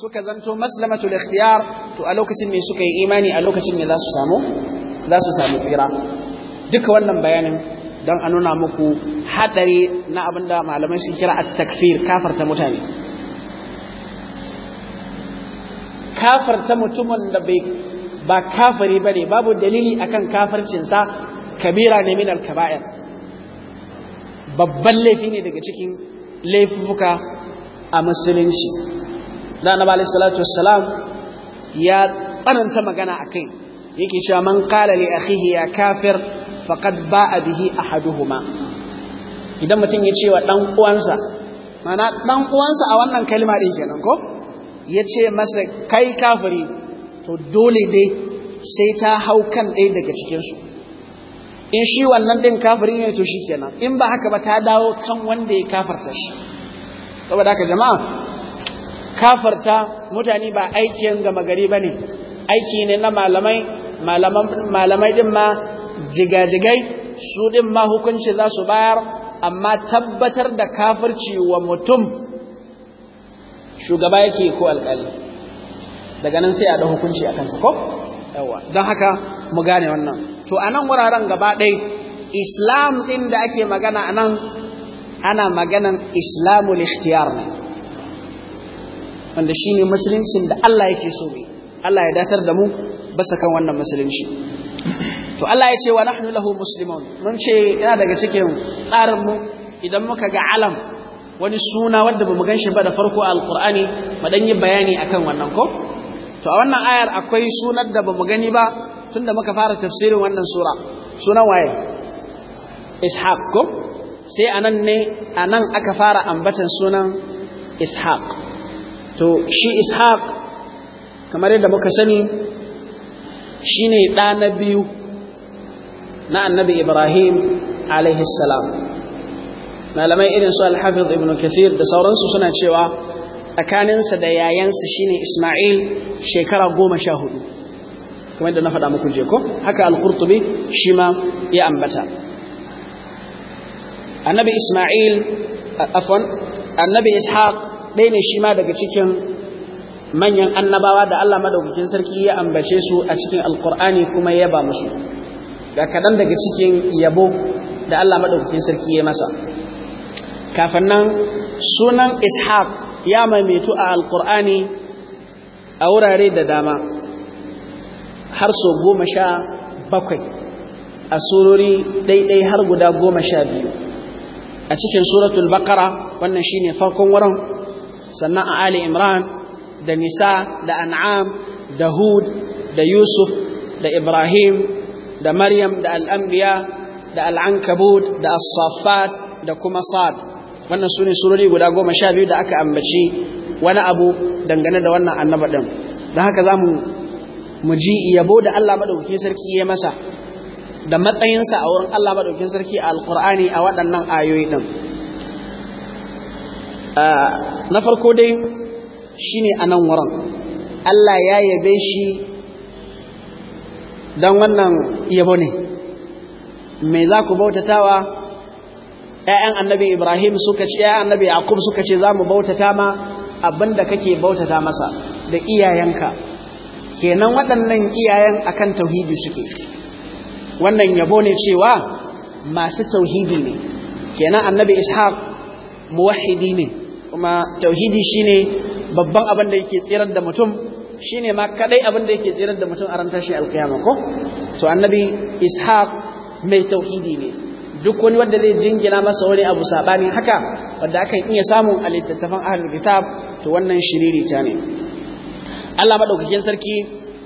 suka zanto maslamatul ikhtiyar to a lokacin ne suka yi imani a lokacin ne za su samu za su samu tsira duka wannan bayanin don a nuna muku hadari na abin da malamai sun kira at-takfir kafarta mutane kafarta mutumin da bai ba kafari bane babu dalili akan kafarcinsa kabira ne min al-kaba'ir babban laifi ne daga cikin laifuka a musulunci da na bala salatu wassalam ya tsananta magana a kai. yake cewa man kala li akhihi ya kafir faqad ba'a bihi ahaduhuma idan mutum ya ce wa dan uwansa mana dan uwansa a wannan kalma din kenan ko ya ce masa kai kafiri to dole dai sai ta hau kan ɗaya daga cikinsu in shi wannan din kafiri ne to shi kenan, in ba haka ba ta dawo kan wanda ya kafarta shi saboda haka jama'a kafarta mutane ba aikin gama gari bane aiki ne na malamai malaman malamai din ma jigajigai su din ma hukunci za su bayar amma tabbatar da kafirci wa mutum shugaba yake ko alƙali daga nan sai a da hukunci a kansa ko yawa don haka mu gane wannan to a nan wuraren gaba ɗai islam ɗin da ake magana a nan ana maganan islamul ikhtiyar ne wanda shi ne musuluncin da Allah yake so ne Allah ya datar da mu basa kan wannan musulunci to Allah ya ce wa nahnu lahu muslimun mun ce yana daga cikin tsarin mu idan muka ga alam wani suna wanda bamu ganshi ba da farko a alqur'ani mu dan yi bayani akan wannan ko to a wannan ayar akwai sunan da bamu gani ba tunda muka fara tafsirin wannan sura sunan waye ishaq ko sai anan ne anan aka fara ambatan sunan ishaq to shi ishaq kamar yadda muka sani shine ɗa na biyu na annabi ibrahim alaihi salam malamai irin su alhafiz ibn kathir da sauransu suna cewa tsakaninsa da yayansa shine isma'il shekara goma sha hudu kamar yadda na faɗa muku je ko haka al-qurtubi shi ma ya ambata annabi isma'il afwan annabi ishaq ɗaya ne shi ma daga cikin manyan annabawa da Allah madaukakin sarki ya ambace su a cikin alqur'ani kuma ya ba musu ga kaɗan daga cikin yabo da Allah madaukakin sarki ya masa kafin nan sunan ishaq ya maimaitu a alqur'ani a wurare da dama har so goma sha bakwai a surori ɗaiɗai har guda goma sha biyu a cikin suratul bakara wannan shine farkon wurin sannan a ali imran da nisa da an'am da hud da yusuf da ibrahim da maryam da al'ambiya da al'ankabud da Asafat da kuma sad wannan su ne surori guda goma sha biyu da aka ambaci wani abu dangane da wannan annaba ɗin da haka za mu Mu ji yabo da Allah madaukakin sarki ya masa da matsayinsa a wurin Allah madaukakin sarki a alqur'ani a waɗannan ayoyi din na farko dai shine a nan wurin Allah ya yabe shi don wannan yabo ne me za ku bautatawa ‘ya'yan annabi Ibrahim suka ce, ‘ya'yan annabi Yaqub suka ce za mu bautata ma Abinda da kake bautata masa da iyayenka. kenan waɗannan iyayen akan tauhidi suke wannan yabo ne cewa masu tauhidi ne kenan annabi ishaq muwahhidi ne kuma tauhidi shine babban abin da yake tsirar da mutum shine ma kadai abin da yake tsirar da mutum a ran tashi alkiyama ko to annabi ishaq mai tauhidi ne duk wani wanda zai jingina masa wani abu sabani haka wanda akan iya samun a littattafan ahlul kitab to wannan shiriri ta ne Allah madaukakin sarki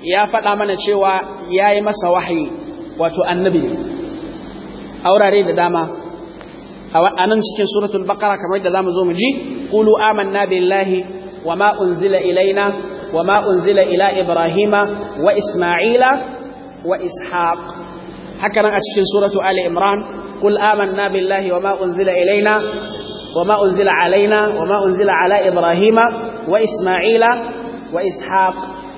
ya faɗa mana cewa ya yi masa wahayi wato annabi ne aurare da dama a nan cikin suratul baqara kamar da za mu zo mu ji qulu amanna billahi wama unzila ilaina wama unzila ila ibrahima wa isma'ila wa ishaq haka nan a cikin suratul ali imran قل آمنا بالله wa أنزل إلينا وما wa علينا وما أنزل ibrahima wa Isma'ila. wa ishaq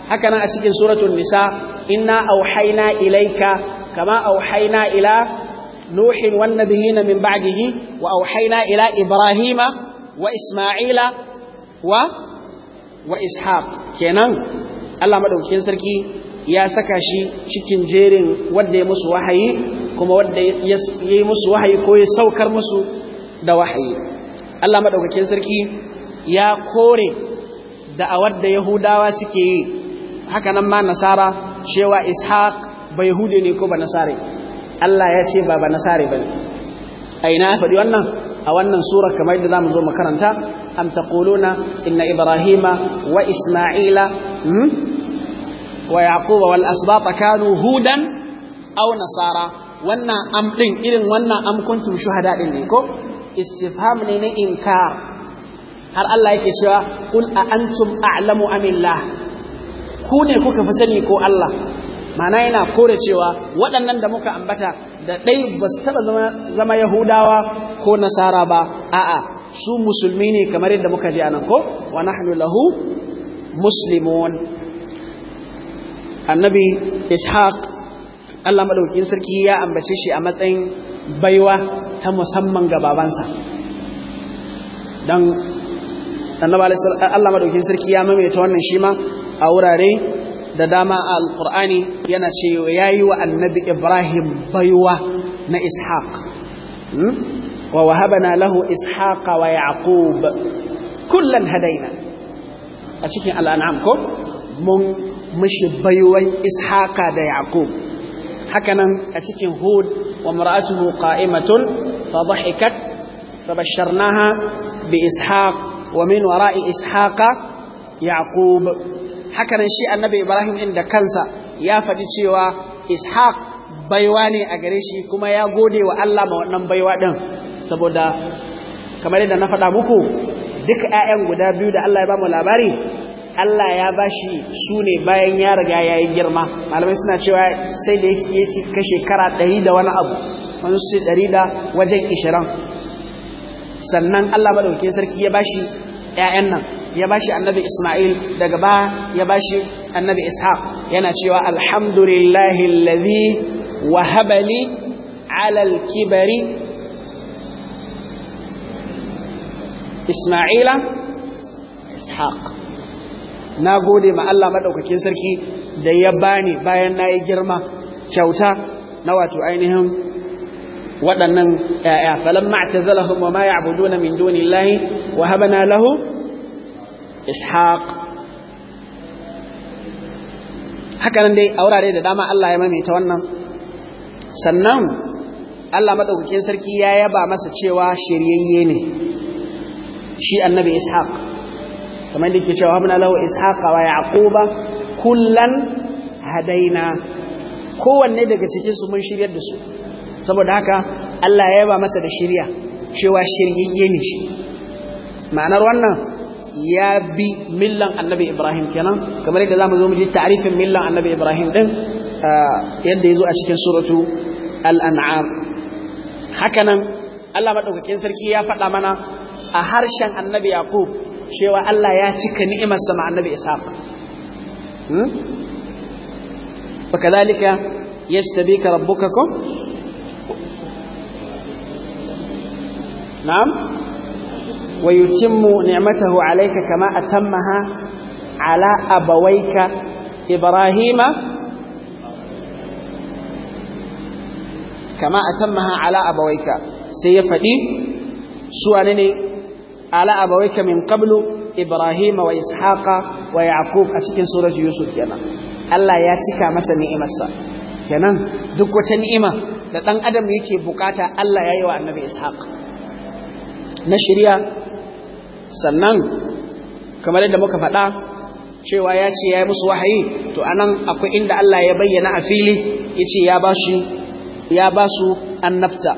haka nan a cikin suratul nisa inna auhayna ilayka kama auhayna ila nuhin wan nabiyina min ba'dihi wa auhayna ila ibrahima wa isma'ila wa wa ishaq kenan Allah madaukakin sarki ya saka shi cikin jerin wanda ya musu wahayi kuma wanda ya yi musu wahayi ko ya saukar musu da wahayi Allah madaukakin sarki ya kore da'awar da yahudawa suke yi Hakanan ma nasara cewa ishaq ba yahudi ne ko ba nasare Allah ya ce ba ba nasare ba aina a ina ya faɗi wannan a wannan sura kamar yadda zo mu zo makaranta am taquluna inna ibrahima wa isma'ila hmm? wa yaquba wal asbat kanu hudan aw nasara wannan am din irin wannan am kuntum shuhada din ne ko istifham ne na inkar har Allah yake cewa kul a antum a'lamu amillah ku ne kuka fi sani ko Allah mana yana kore cewa waɗannan da muka ambata da ɗai ba su taɓa zama yahudawa ko nasara ba a'a su musulmi ne kamar yadda muka ji nan ko wa nahnu lahu muslimun annabi ishaq Allah madaukakin sarki ya ambace shi a matsayin baiwa ta musamman ga babansa don annabi Allah madaukin sarki ya mamaye wannan shi ma a wurare da dama a alqur'ani yana cewa yayi wa annabi Ibrahim baiwa na Ishaq hmm? wa wahabana lahu Ishaq wa Yaqub kullan hadaina a cikin al'an'am ko mun mishi baiwan Ishaqa da Yaqub hakanan a cikin Hud wa mar'atuhu qa'imatun fa dhahikat fa basharnaha bi Ishaq wa min wara'i ishaqa yaqub hakanan shi annabi ibrahim ɗin da kansa ya faɗi cewa ishaq baiwa ne a gare shi kuma ya gode wa Allah ma wannan baiwa din saboda kamar yadda na faɗa muku duk ƴaƴan guda biyu da Allah ya ba mu labari Allah ya bashi su ne bayan ya riga ya yi girma malamai suna cewa sai da ya ci kashe shekara ɗari da wani abu wani su ɗari da wajen ishirin sannan Allah madaukakin sarki ya bashi ƴaƴan nan ya bashi annabi Isma'il daga ba ya bashi annabi Ishaq yana cewa alhamdulillahi allazi wahaba li ala kibari Isma'ila Ishaq na gode ma Allah madaukakin sarki da ya bani bayan na yi girma kyauta na wato ainihin waɗannan ‘ya'ya falon ma’ata zala wa ma ya abudu na min duni lahi wa habana lahu ishaq hakanan dai a wurare da dama Allah ya maimaita wannan sannan Allah maɗaukakin sarki ya yaba masa cewa shiryayye ne shi annabi ishaq kamar da ke cewa habana lahu ishaqa wa ya yaquba kullan hadaina kowanne daga cikinsu mun shiryar da su saboda haka Allah ya yaba masa da shirya cewa shiryayye ne shi ma'anar wannan ya bi millan annabi ibrahim kenan kamar yadda zamu zo mu ji ta'rifin millan annabi ibrahim din yadda yazo a cikin suratu al-an'am hakanan Allah madaukakin sarki ya faɗa mana a harshen annabi yaqub cewa Allah ya cika ni'imar sama annabi ishaq hmm? wa kadalika yastabika rabbukakum na'am wa yutimmu ni'matahu alayka kama atammaha ala abawayka ibrahima sai ya fadi su wane ne ala abawayka min qablu ibrahima wa ishaqa wa yaqub a cikin surat yusuf kenan Allah ya cika masa ni'imarsa kenan duk wata ni'ima da dan adam yake bukata Allah ya yi wa annabi ishaq na shirya sannan kamar yadda muka faɗa cewa ya ce ya yi musu wahayi to anan akwai inda Allah ya bayyana a fili ya ce ya ba su annabta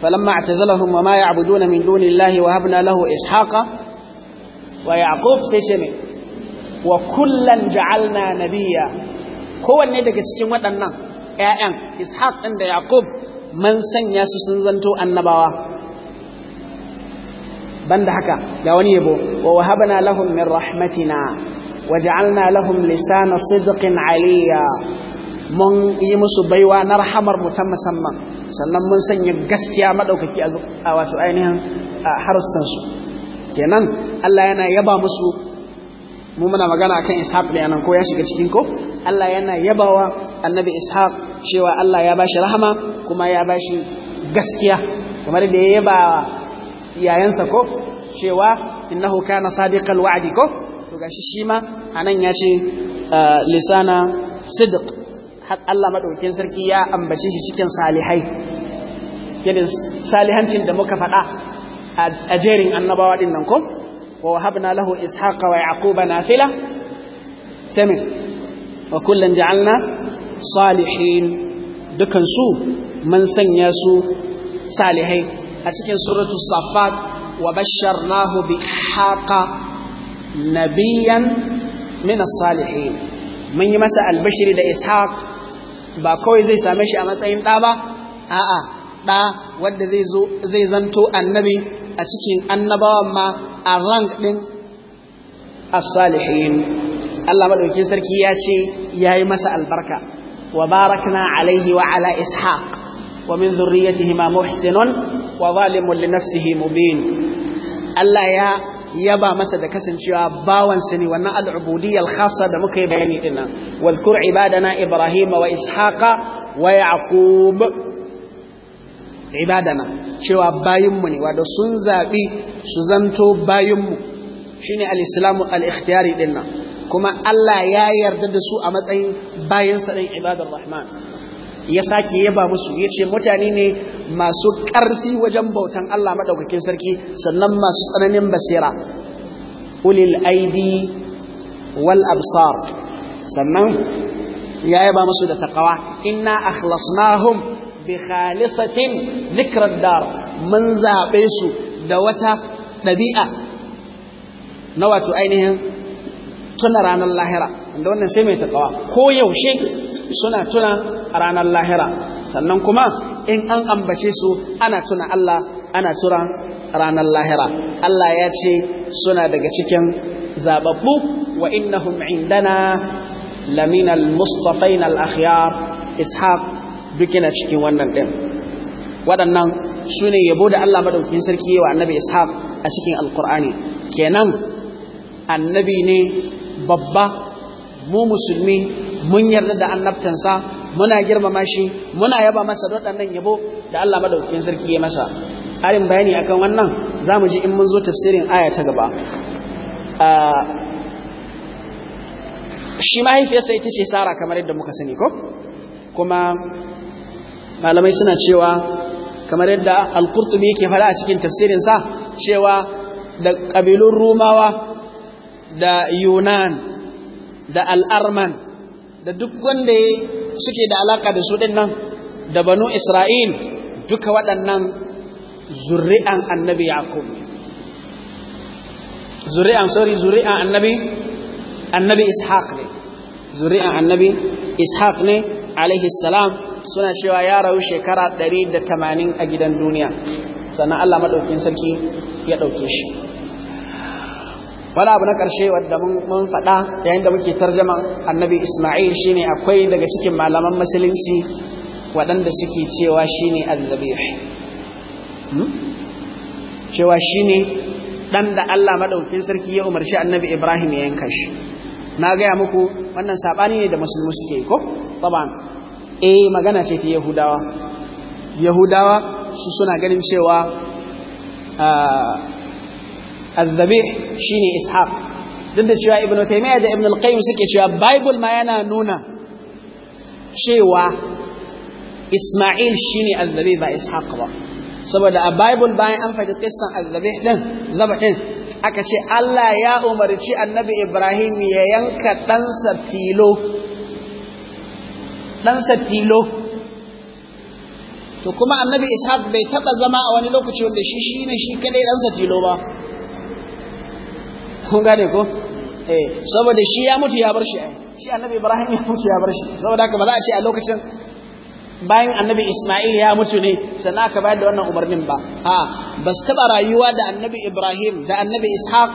falamma a tazalahun ma ya abu na min duni Lahi wa habna lahu ishaqa wa yaqub sai ce ne wa kullan ja'alna biya. kowanne daga cikin waɗannan ‘ya'yan ishaq ɗin da yaqub man sanya su sun zanto annabawa banda haka ga wani yabo wa wahabna lahum min rahmatina lahum lisana sidqin aliya mun yi musu baiwa na rahamar mu ta musamman sannan mun sanya gaskiya madaukaki a wato ainihin harsan su kenan Allah yana yaba musu mu muna magana akan Ishaq ne anan ko ya shiga cikin ko Allah yana yabawa annabi Ishaq cewa Allah ya bashi rahama kuma ya bashi gaskiya kamar da ya yaba iyayensa ko cewa innahu kana sadiqal wa'di ko to gashi shi ma anan ya ce ah, lisana sidq har Allah madaukin sarki ya ambace shi cikin salihai yadin salihancin da muka faɗa a jerin annabawa din nan ko wa habna lahu ishaqa wa yaquba nafila sami wa kullan ja'alna salihin dukan su mun sanya su salihai a cikin suratu safat wa basharnahu bi haqa nabiyan min as-salihin mun yi masa albashiri da ishaq ba kawai zai same shi a matsayin ɗa ba a'a ɗa wanda zai zo zai zanto annabi a cikin annabawan ma a rank din as-salihin Allah madaukakin sarki ya ce yayi masa albarka wa barakna alaihi wa ala ishaq ومن ذريتهما محسن وظالم لنفسه مبين Allah ya yaba masa da kasancewa bawansa ne wannan al'ubudiyyar khassa da muka yi bayani din nan wazkur ibrahim wa ishaqa wa yaqub ibadana cewa bayinmu ne wanda sun zabi su zanto shine al-islamu al kuma Allah ya yarda da su a matsayin bayinsa din ibadar rahman ya sake yaba musu ya ce mutane ne masu ƙarfi wajen bautan Allah maɗaukakin sarki sannan masu tsananin basira ulil aidi wal absar sannan ya yaba musu da taqwa inna akhlasnahum bi khalisatin dhikra dar mun zabe su da wata ɗabi'a na wato ainihin tuna ranar lahira wanda wannan sai mai taqwa ko yaushe suna tuna a ranar lahira sannan kuma in an ambace su ana tuna Allah ana tura ranar lahira Allah ya ce suna daga cikin zababbu wa innahum indana laminal mustafain al-akhyar ishaq dukina cikin wannan din waɗannan su ne yabo da Allah maɗaukin sarki yawa annabi ishaq a cikin alkur'ani kenan annabi ne babba mu musulmi mun yarda da annabtansa muna girmama shi muna yaba masa waɗannan yabo da Allah madaukakin sarki ya masa arin bayani akan wannan zamu ji in mun zo tafsirin aya ta gaba shi mahaifiyarsa ita ce Sara kamar yadda muka sani ko kuma malamai suna cewa kamar yadda al-Qurtubi yake faɗa a cikin tafsirin sa cewa da kabilun Rumawa da Yunan da Al-Arman da duk wanda suke da alaka da su ɗin nan da banu Isra'il duka waɗannan zuri'an annabi Yaqub zuri'an sorry zuri'an annabi annabi Ishaq ne zuri'an annabi Ishaq ne alaihi salam suna cewa ya rawu shekara 180 a gidan duniya sannan Allah madaukin sarki ya dauke shi wani abu na ƙarshe wadda mun faɗa yayin da muke tarjama annabi isma'il shine akwai daga cikin malaman musulunci waɗanda suke cewa shine azzabih hmm? cewa shine dan da Allah madaukin sarki ya umarci annabi Ibrahim ya yanka shi na gaya muku wannan sabani ne da musulmi suke ko taban eh magana ce ta yahudawa yahudawa su suna ganin cewa ah, azzabe shine ishaq duk da cewa ibnu taymiya da ibnu al-qayyim suke cewa bible ma yana nuna cewa isma'il shine azzabe ba ishaq ba saboda a bible bayan an faɗi kissan azzabe din zaba din aka ce Allah ya umarci annabi Ibrahim ya yanka ɗansa tilo ɗansa tilo to kuma annabi ishaq bai taɓa zama a wani lokaci wanda shi shi ne shi kaɗai ɗansa tilo ba kun gane ko eh saboda shi ya mutu ya bar shi ai eh. shi annabi ibrahim ya mutu ya bar shi saboda haka ba za a ce a lokacin bayan annabi isma'il ya mutu ne sannan aka bayar da wannan umarnin ba a ba su taɓa rayuwa da annabi ibrahim da annabi ishaq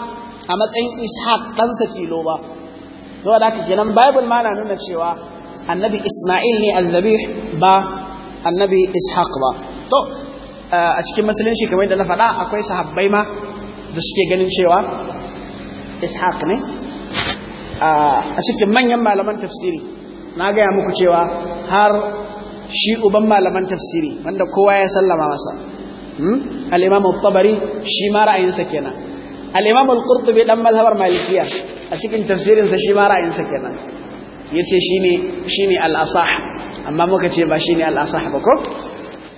a matsayin ishaq ɗansa tilo ba saboda haka kenan bible ma na nuna cewa annabi isma'il ne annabi ba annabi ishaq ba to eh, a cikin musulunci kamar da na faɗa akwai sahabbai ma da suke ganin cewa ishaq ne a cikin manyan malaman tafsiri na gaya muku cewa har shi uban malaman tafsiri wanda kowa ya sallama masa hmm? al-imam al-tabari shi ma ra'ayinsa kenan al-imam al-qurtubi dan mazhabar malikiya a cikin tafsirinsa shi ma ra'ayinsa kenan yace shine shine al-asah amma muka ce ba shine al-asah ba ko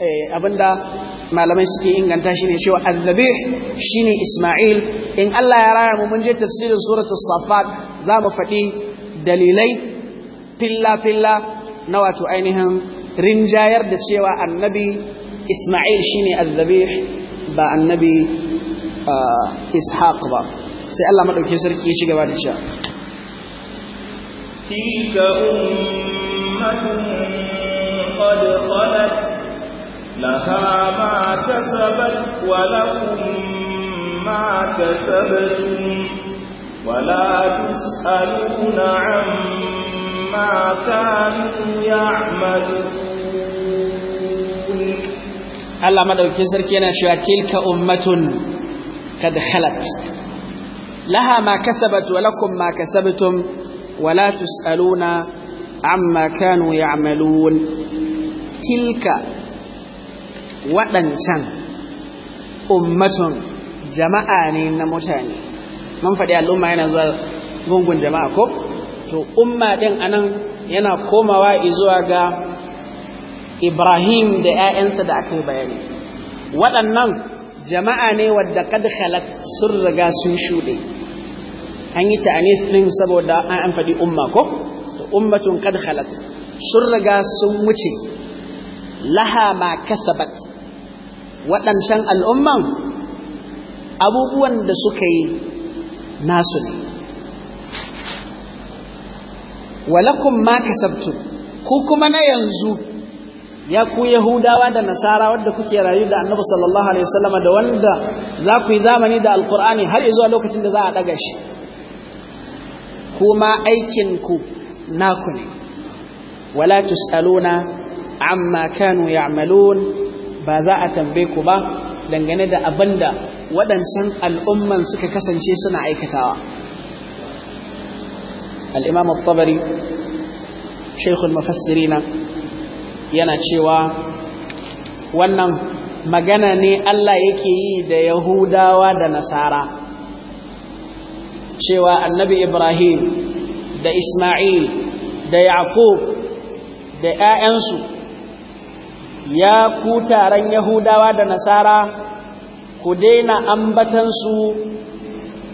eh abinda malamai suke inganta shi ne cewa shi shine Isma'il in Allah ya raya mu mun je tafsirin suratul safat za mu faɗi dalilai filla filla na wato ainihin rinjayar da cewa annabi Isma'il shine azzabih ba annabi uh, Ishaq ba sai Allah madauke sarki ya ci gaba da cewa tilka ummatun qad khalat لها ما كسبت ولكم ما كسبتم ولا تسألون عما كانوا يعملون Allah madaukakin sarki yana cewa tilka ummatun kad khalat laha ma kasabat wa lakum ma kasabtum wa la tusaluna amma kanu ya'malun tilka waɗancan ummatun jama'a ne na mutane mun faɗi al'umma yana zuwa gungun jama'a ko to umma ɗin anan yana komawa zuwa ga ibrahim da 'ya'yansa da aka yi bayani waɗannan jama'a ne wadda kad khalat sun riga sun shuɗe an yi ta'anis ɗin saboda an faɗi umma ko to ummatun kad khalat sun riga sun wuce laha ma kasabat waɗancan al'umman abubuwan da suka yi nasu ne walakum ma kasabtu ku kuma na yanzu ya ku yahudawa da nasara wadda kuke rayu da annabi sallallahu alaihi wasallama da wanda za ku yi zamani da alkur'ani har zuwa lokacin da za a ɗaga shi kuma aikinku naku ne wala tusaluna amma kanu ya'malun ba za a tambaye ku ba dangane da abin da waɗancan al'umman suka kasance suna aikatawa al'imam al-tabari shekul mafassirina yana cewa wannan magana ne Allah yake yi da yahudawa da nasara cewa annabi ibrahim da isma'il da yaqub da 'ya'yansu ya ku taron yahudawa da nasara ku daina ambatansu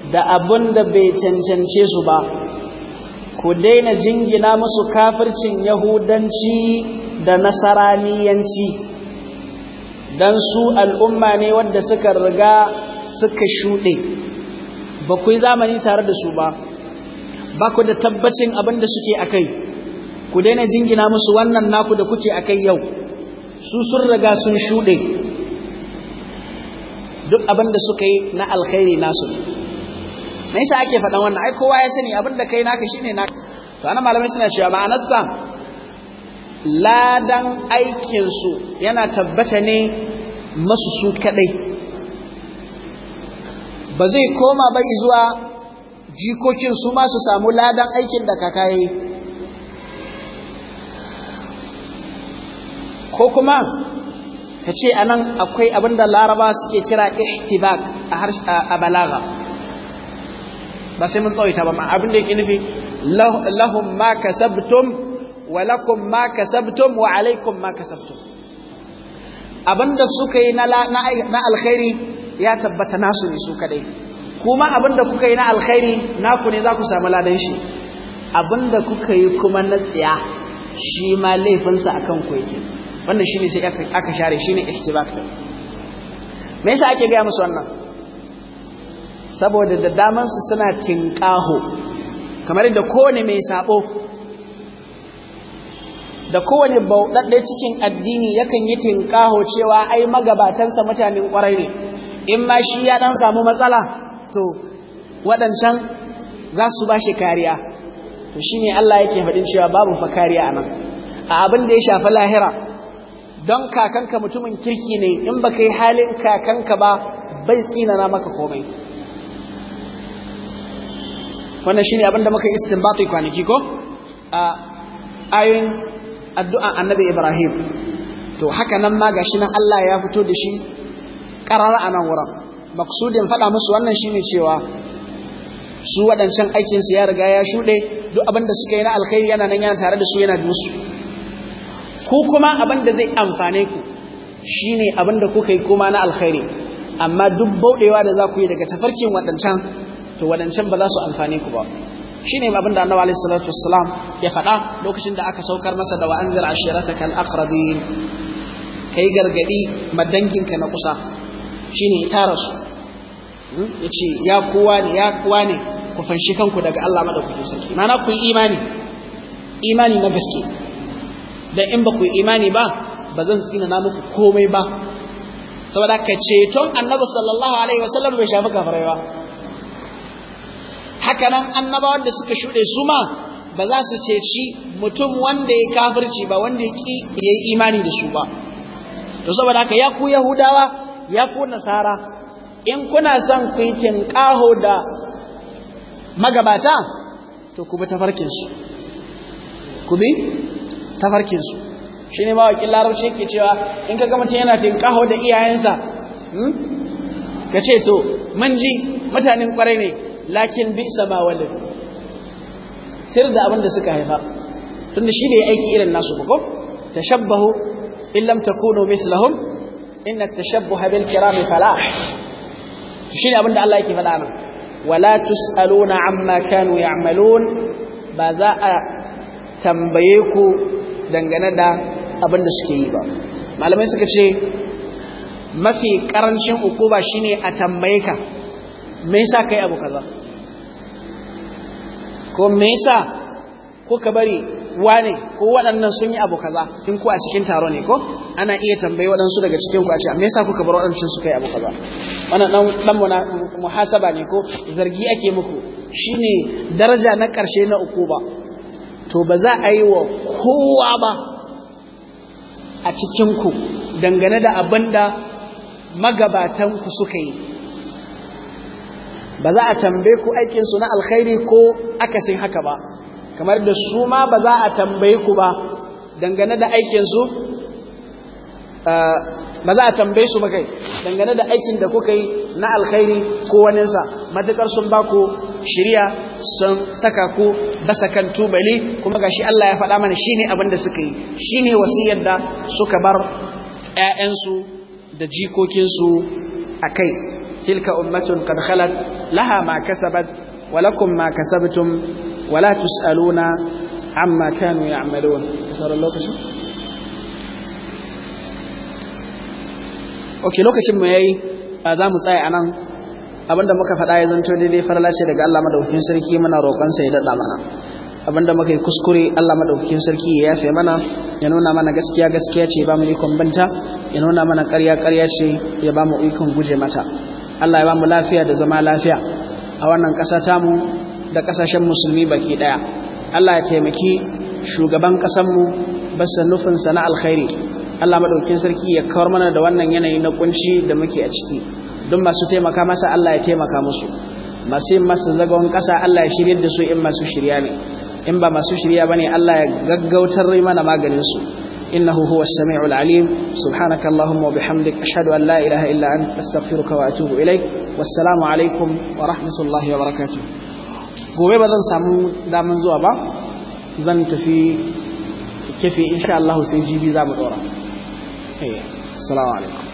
da abin da bai cancance su ba ku daina jingina musu kafircin yahudanci da nasaraniyanci don su al'umma ne wadda suka riga suka shuɗe ba ku zamani tare da su ba ba ku da tabbacin abin da suke a kai ku daina jingina musu wannan naku da kuke a kai yau su sun riga sun shuɗe duk abin da suka yi na alkhairi nasu ne yasa ake faɗan wannan ai kowa ya sani abin da kai naka shine naka to ana malamai suna cewa ma'anarsa ladan aikinsu yana tabbata ne masu su kaɗai ba zai koma ba zuwa jikokin su su samu ladan aikin da kaka ko kuma ka ce a nan akwai abinda laraba suke kira ihtibak a balaga ba sai mun tsawaita ba ma abin yake nufi lahum ma kasabtum wa lakum ma kasabtum wa alaikum ma kasabtum abinda suka yi na alkhairi ya tabbata nasu ne su kadai kuma abinda kuka yi na alkhairi naku ne za ku samu ladan shi abinda kuka yi kuma na tsiya shi ma laifinsa akan ku yake wannan shine sai aka share shine ihtibak me yasa ake gaya musu wannan saboda da daman su suna tinkaho kamar da kowane mai sabo da kowane bauɗaɗɗe cikin addini yakan yi tinkaho cewa ai magabatansa mutanen ƙwarai ne in ma shi ya dan samu matsala to waɗancan za su ba shi kariya to shine Allah yake faɗin cewa babu fa kariya anan a abin da ya shafi lahira don kakanka mutumin kirki ne in ba ka yi halin kakanka ba bai tsinana maka komai wannan shi ne abinda muka istinbatu kwanaki ko a ayoyin addu'an annabi ibrahim to haka nan ma shi nan allah ya fito da shi ƙarara a nan wurin maksudin faɗa musu wannan shi ne cewa su waɗancan aikinsu ya riga ya shuɗe duk abinda suka yi na alkhairi yana nan yana tare da su yana musu ku kuma abin da zai amfane ku shine abin da kuka yi kuma na alkhairi amma duk bauɗewa da za ku yi daga tafarkin waɗancan to waɗancan ba za su amfane ku ba shine abin da annabi alaihi salatu ya faɗa lokacin da aka saukar masa da wa'anzir ashirataka al-aqrabin kai gargadi madanginka na kusa shine ya tara su yace hmm? ya kowa ne ya kowa ne ku fanshi kanku daga Allah madaukakin sarki mana ku yi imani imani na gaske dan in ba ku imani ba ba zan tsina na muku komai ba saboda ka ceton annabi sallallahu alaihi wasallam bai shafi kafirai ba haka nan annabawan da suka shuɗe su ma ba za su ceci mutum wanda ya kafirci ba wanda ya ki ya yi imani da su ba to saboda haka ya ku yahudawa ya ku nasara in kuna son ku yi da magabata to ku bi su ku bi tafarkin su shine ma wakil larabci yake cewa in ka ga mutum yana tinkaho da iyayensa hmm? ka ce to mun ji mutanen kwarai ne lakin bi sama walad sir da abin da suka haifa tunda shi bai aiki irin nasu ba ko tashabbahu in lam takunu mislahum inna tashabbuha bil kirami falah shine abin da Allah yake faɗa nan wala tusaluna amma kanu ya'malun ba za a tambaye ku dangane da abin da suke yi ba malamai suka ce mafi karancin ukuba shine a tambaye ka me yasa kai abu kaza ko me yasa ko ka bari wane ko waɗannan sun yi abu kaza in ku a cikin taro ne ko ana iya tambaye waɗansu daga cikin ku a ce me yasa kuka bar waɗancan su kai abu kaza wannan dan dan muhasaba ne ko zargi ake muku shine daraja na ƙarshe na ukuba to ba za a yi wa kowa ba a cikinku dangane da abin da magabatanku suka yi ba za a tambaye ku aikinsu na alkhairi ko akasin haka ba kamar da su ma ba za a tambaye ku ba dangane da aikinsu ba za a tambaye su ba kai dangane da aikin da kuka yi na alkhairi ko waninsa matukar sun ba ku shirya sun saka ku basa kan tubali kuma ga shi Allah ya faɗa mana shi abin da suka yi Shi ne wasiyar da suka bar yayansu da jikokinsu kai tilka ummatun qad laha ma kasabat wa lakum ma kasabtum wa la tusaluna amma kanu ya'malun sauran lokacin okay lokacin mu yayi za mu tsaya anan abinda muka faɗa ya zanto daidai farala ce daga Allah madaukakin sarki muna roƙon sa ya dada mana abinda muka yi kuskure Allah madaukakin sarki ya yafe mana ya nuna mana gaskiya gaskiya ce ba mu ikon banta ya nuna mana ƙarya ƙarya ce ya ba mu ikon guje mata Allah ya ba mu lafiya da zama lafiya a wannan ƙasa mu da ƙasashen musulmi baki ɗaya Allah ya taimaki shugaban mu basa nufinsa na alkhairi Allah madaukakin sarki ya kawar mana da wannan yanayi na kunci da muke a ciki don masu taimaka masa Allah ya taimaka musu masu yin masu zagon ƙasa Allah ya shirya da su in masu shirya ne in ba masu shirya ba ne Allah ya gaggautar mana maganinsu innahu huwa sami'ul alim subhanaka allahumma wa bihamdik ashhadu an la ilaha illa anta astaghfiruka wa atubu ilaik wassalamu alaikum wa rahmatullahi wa barakatuh gobe ba zan samu daman zuwa ba zan tafi kefi insha Allah sai jibi za mu dora eh assalamu alaikum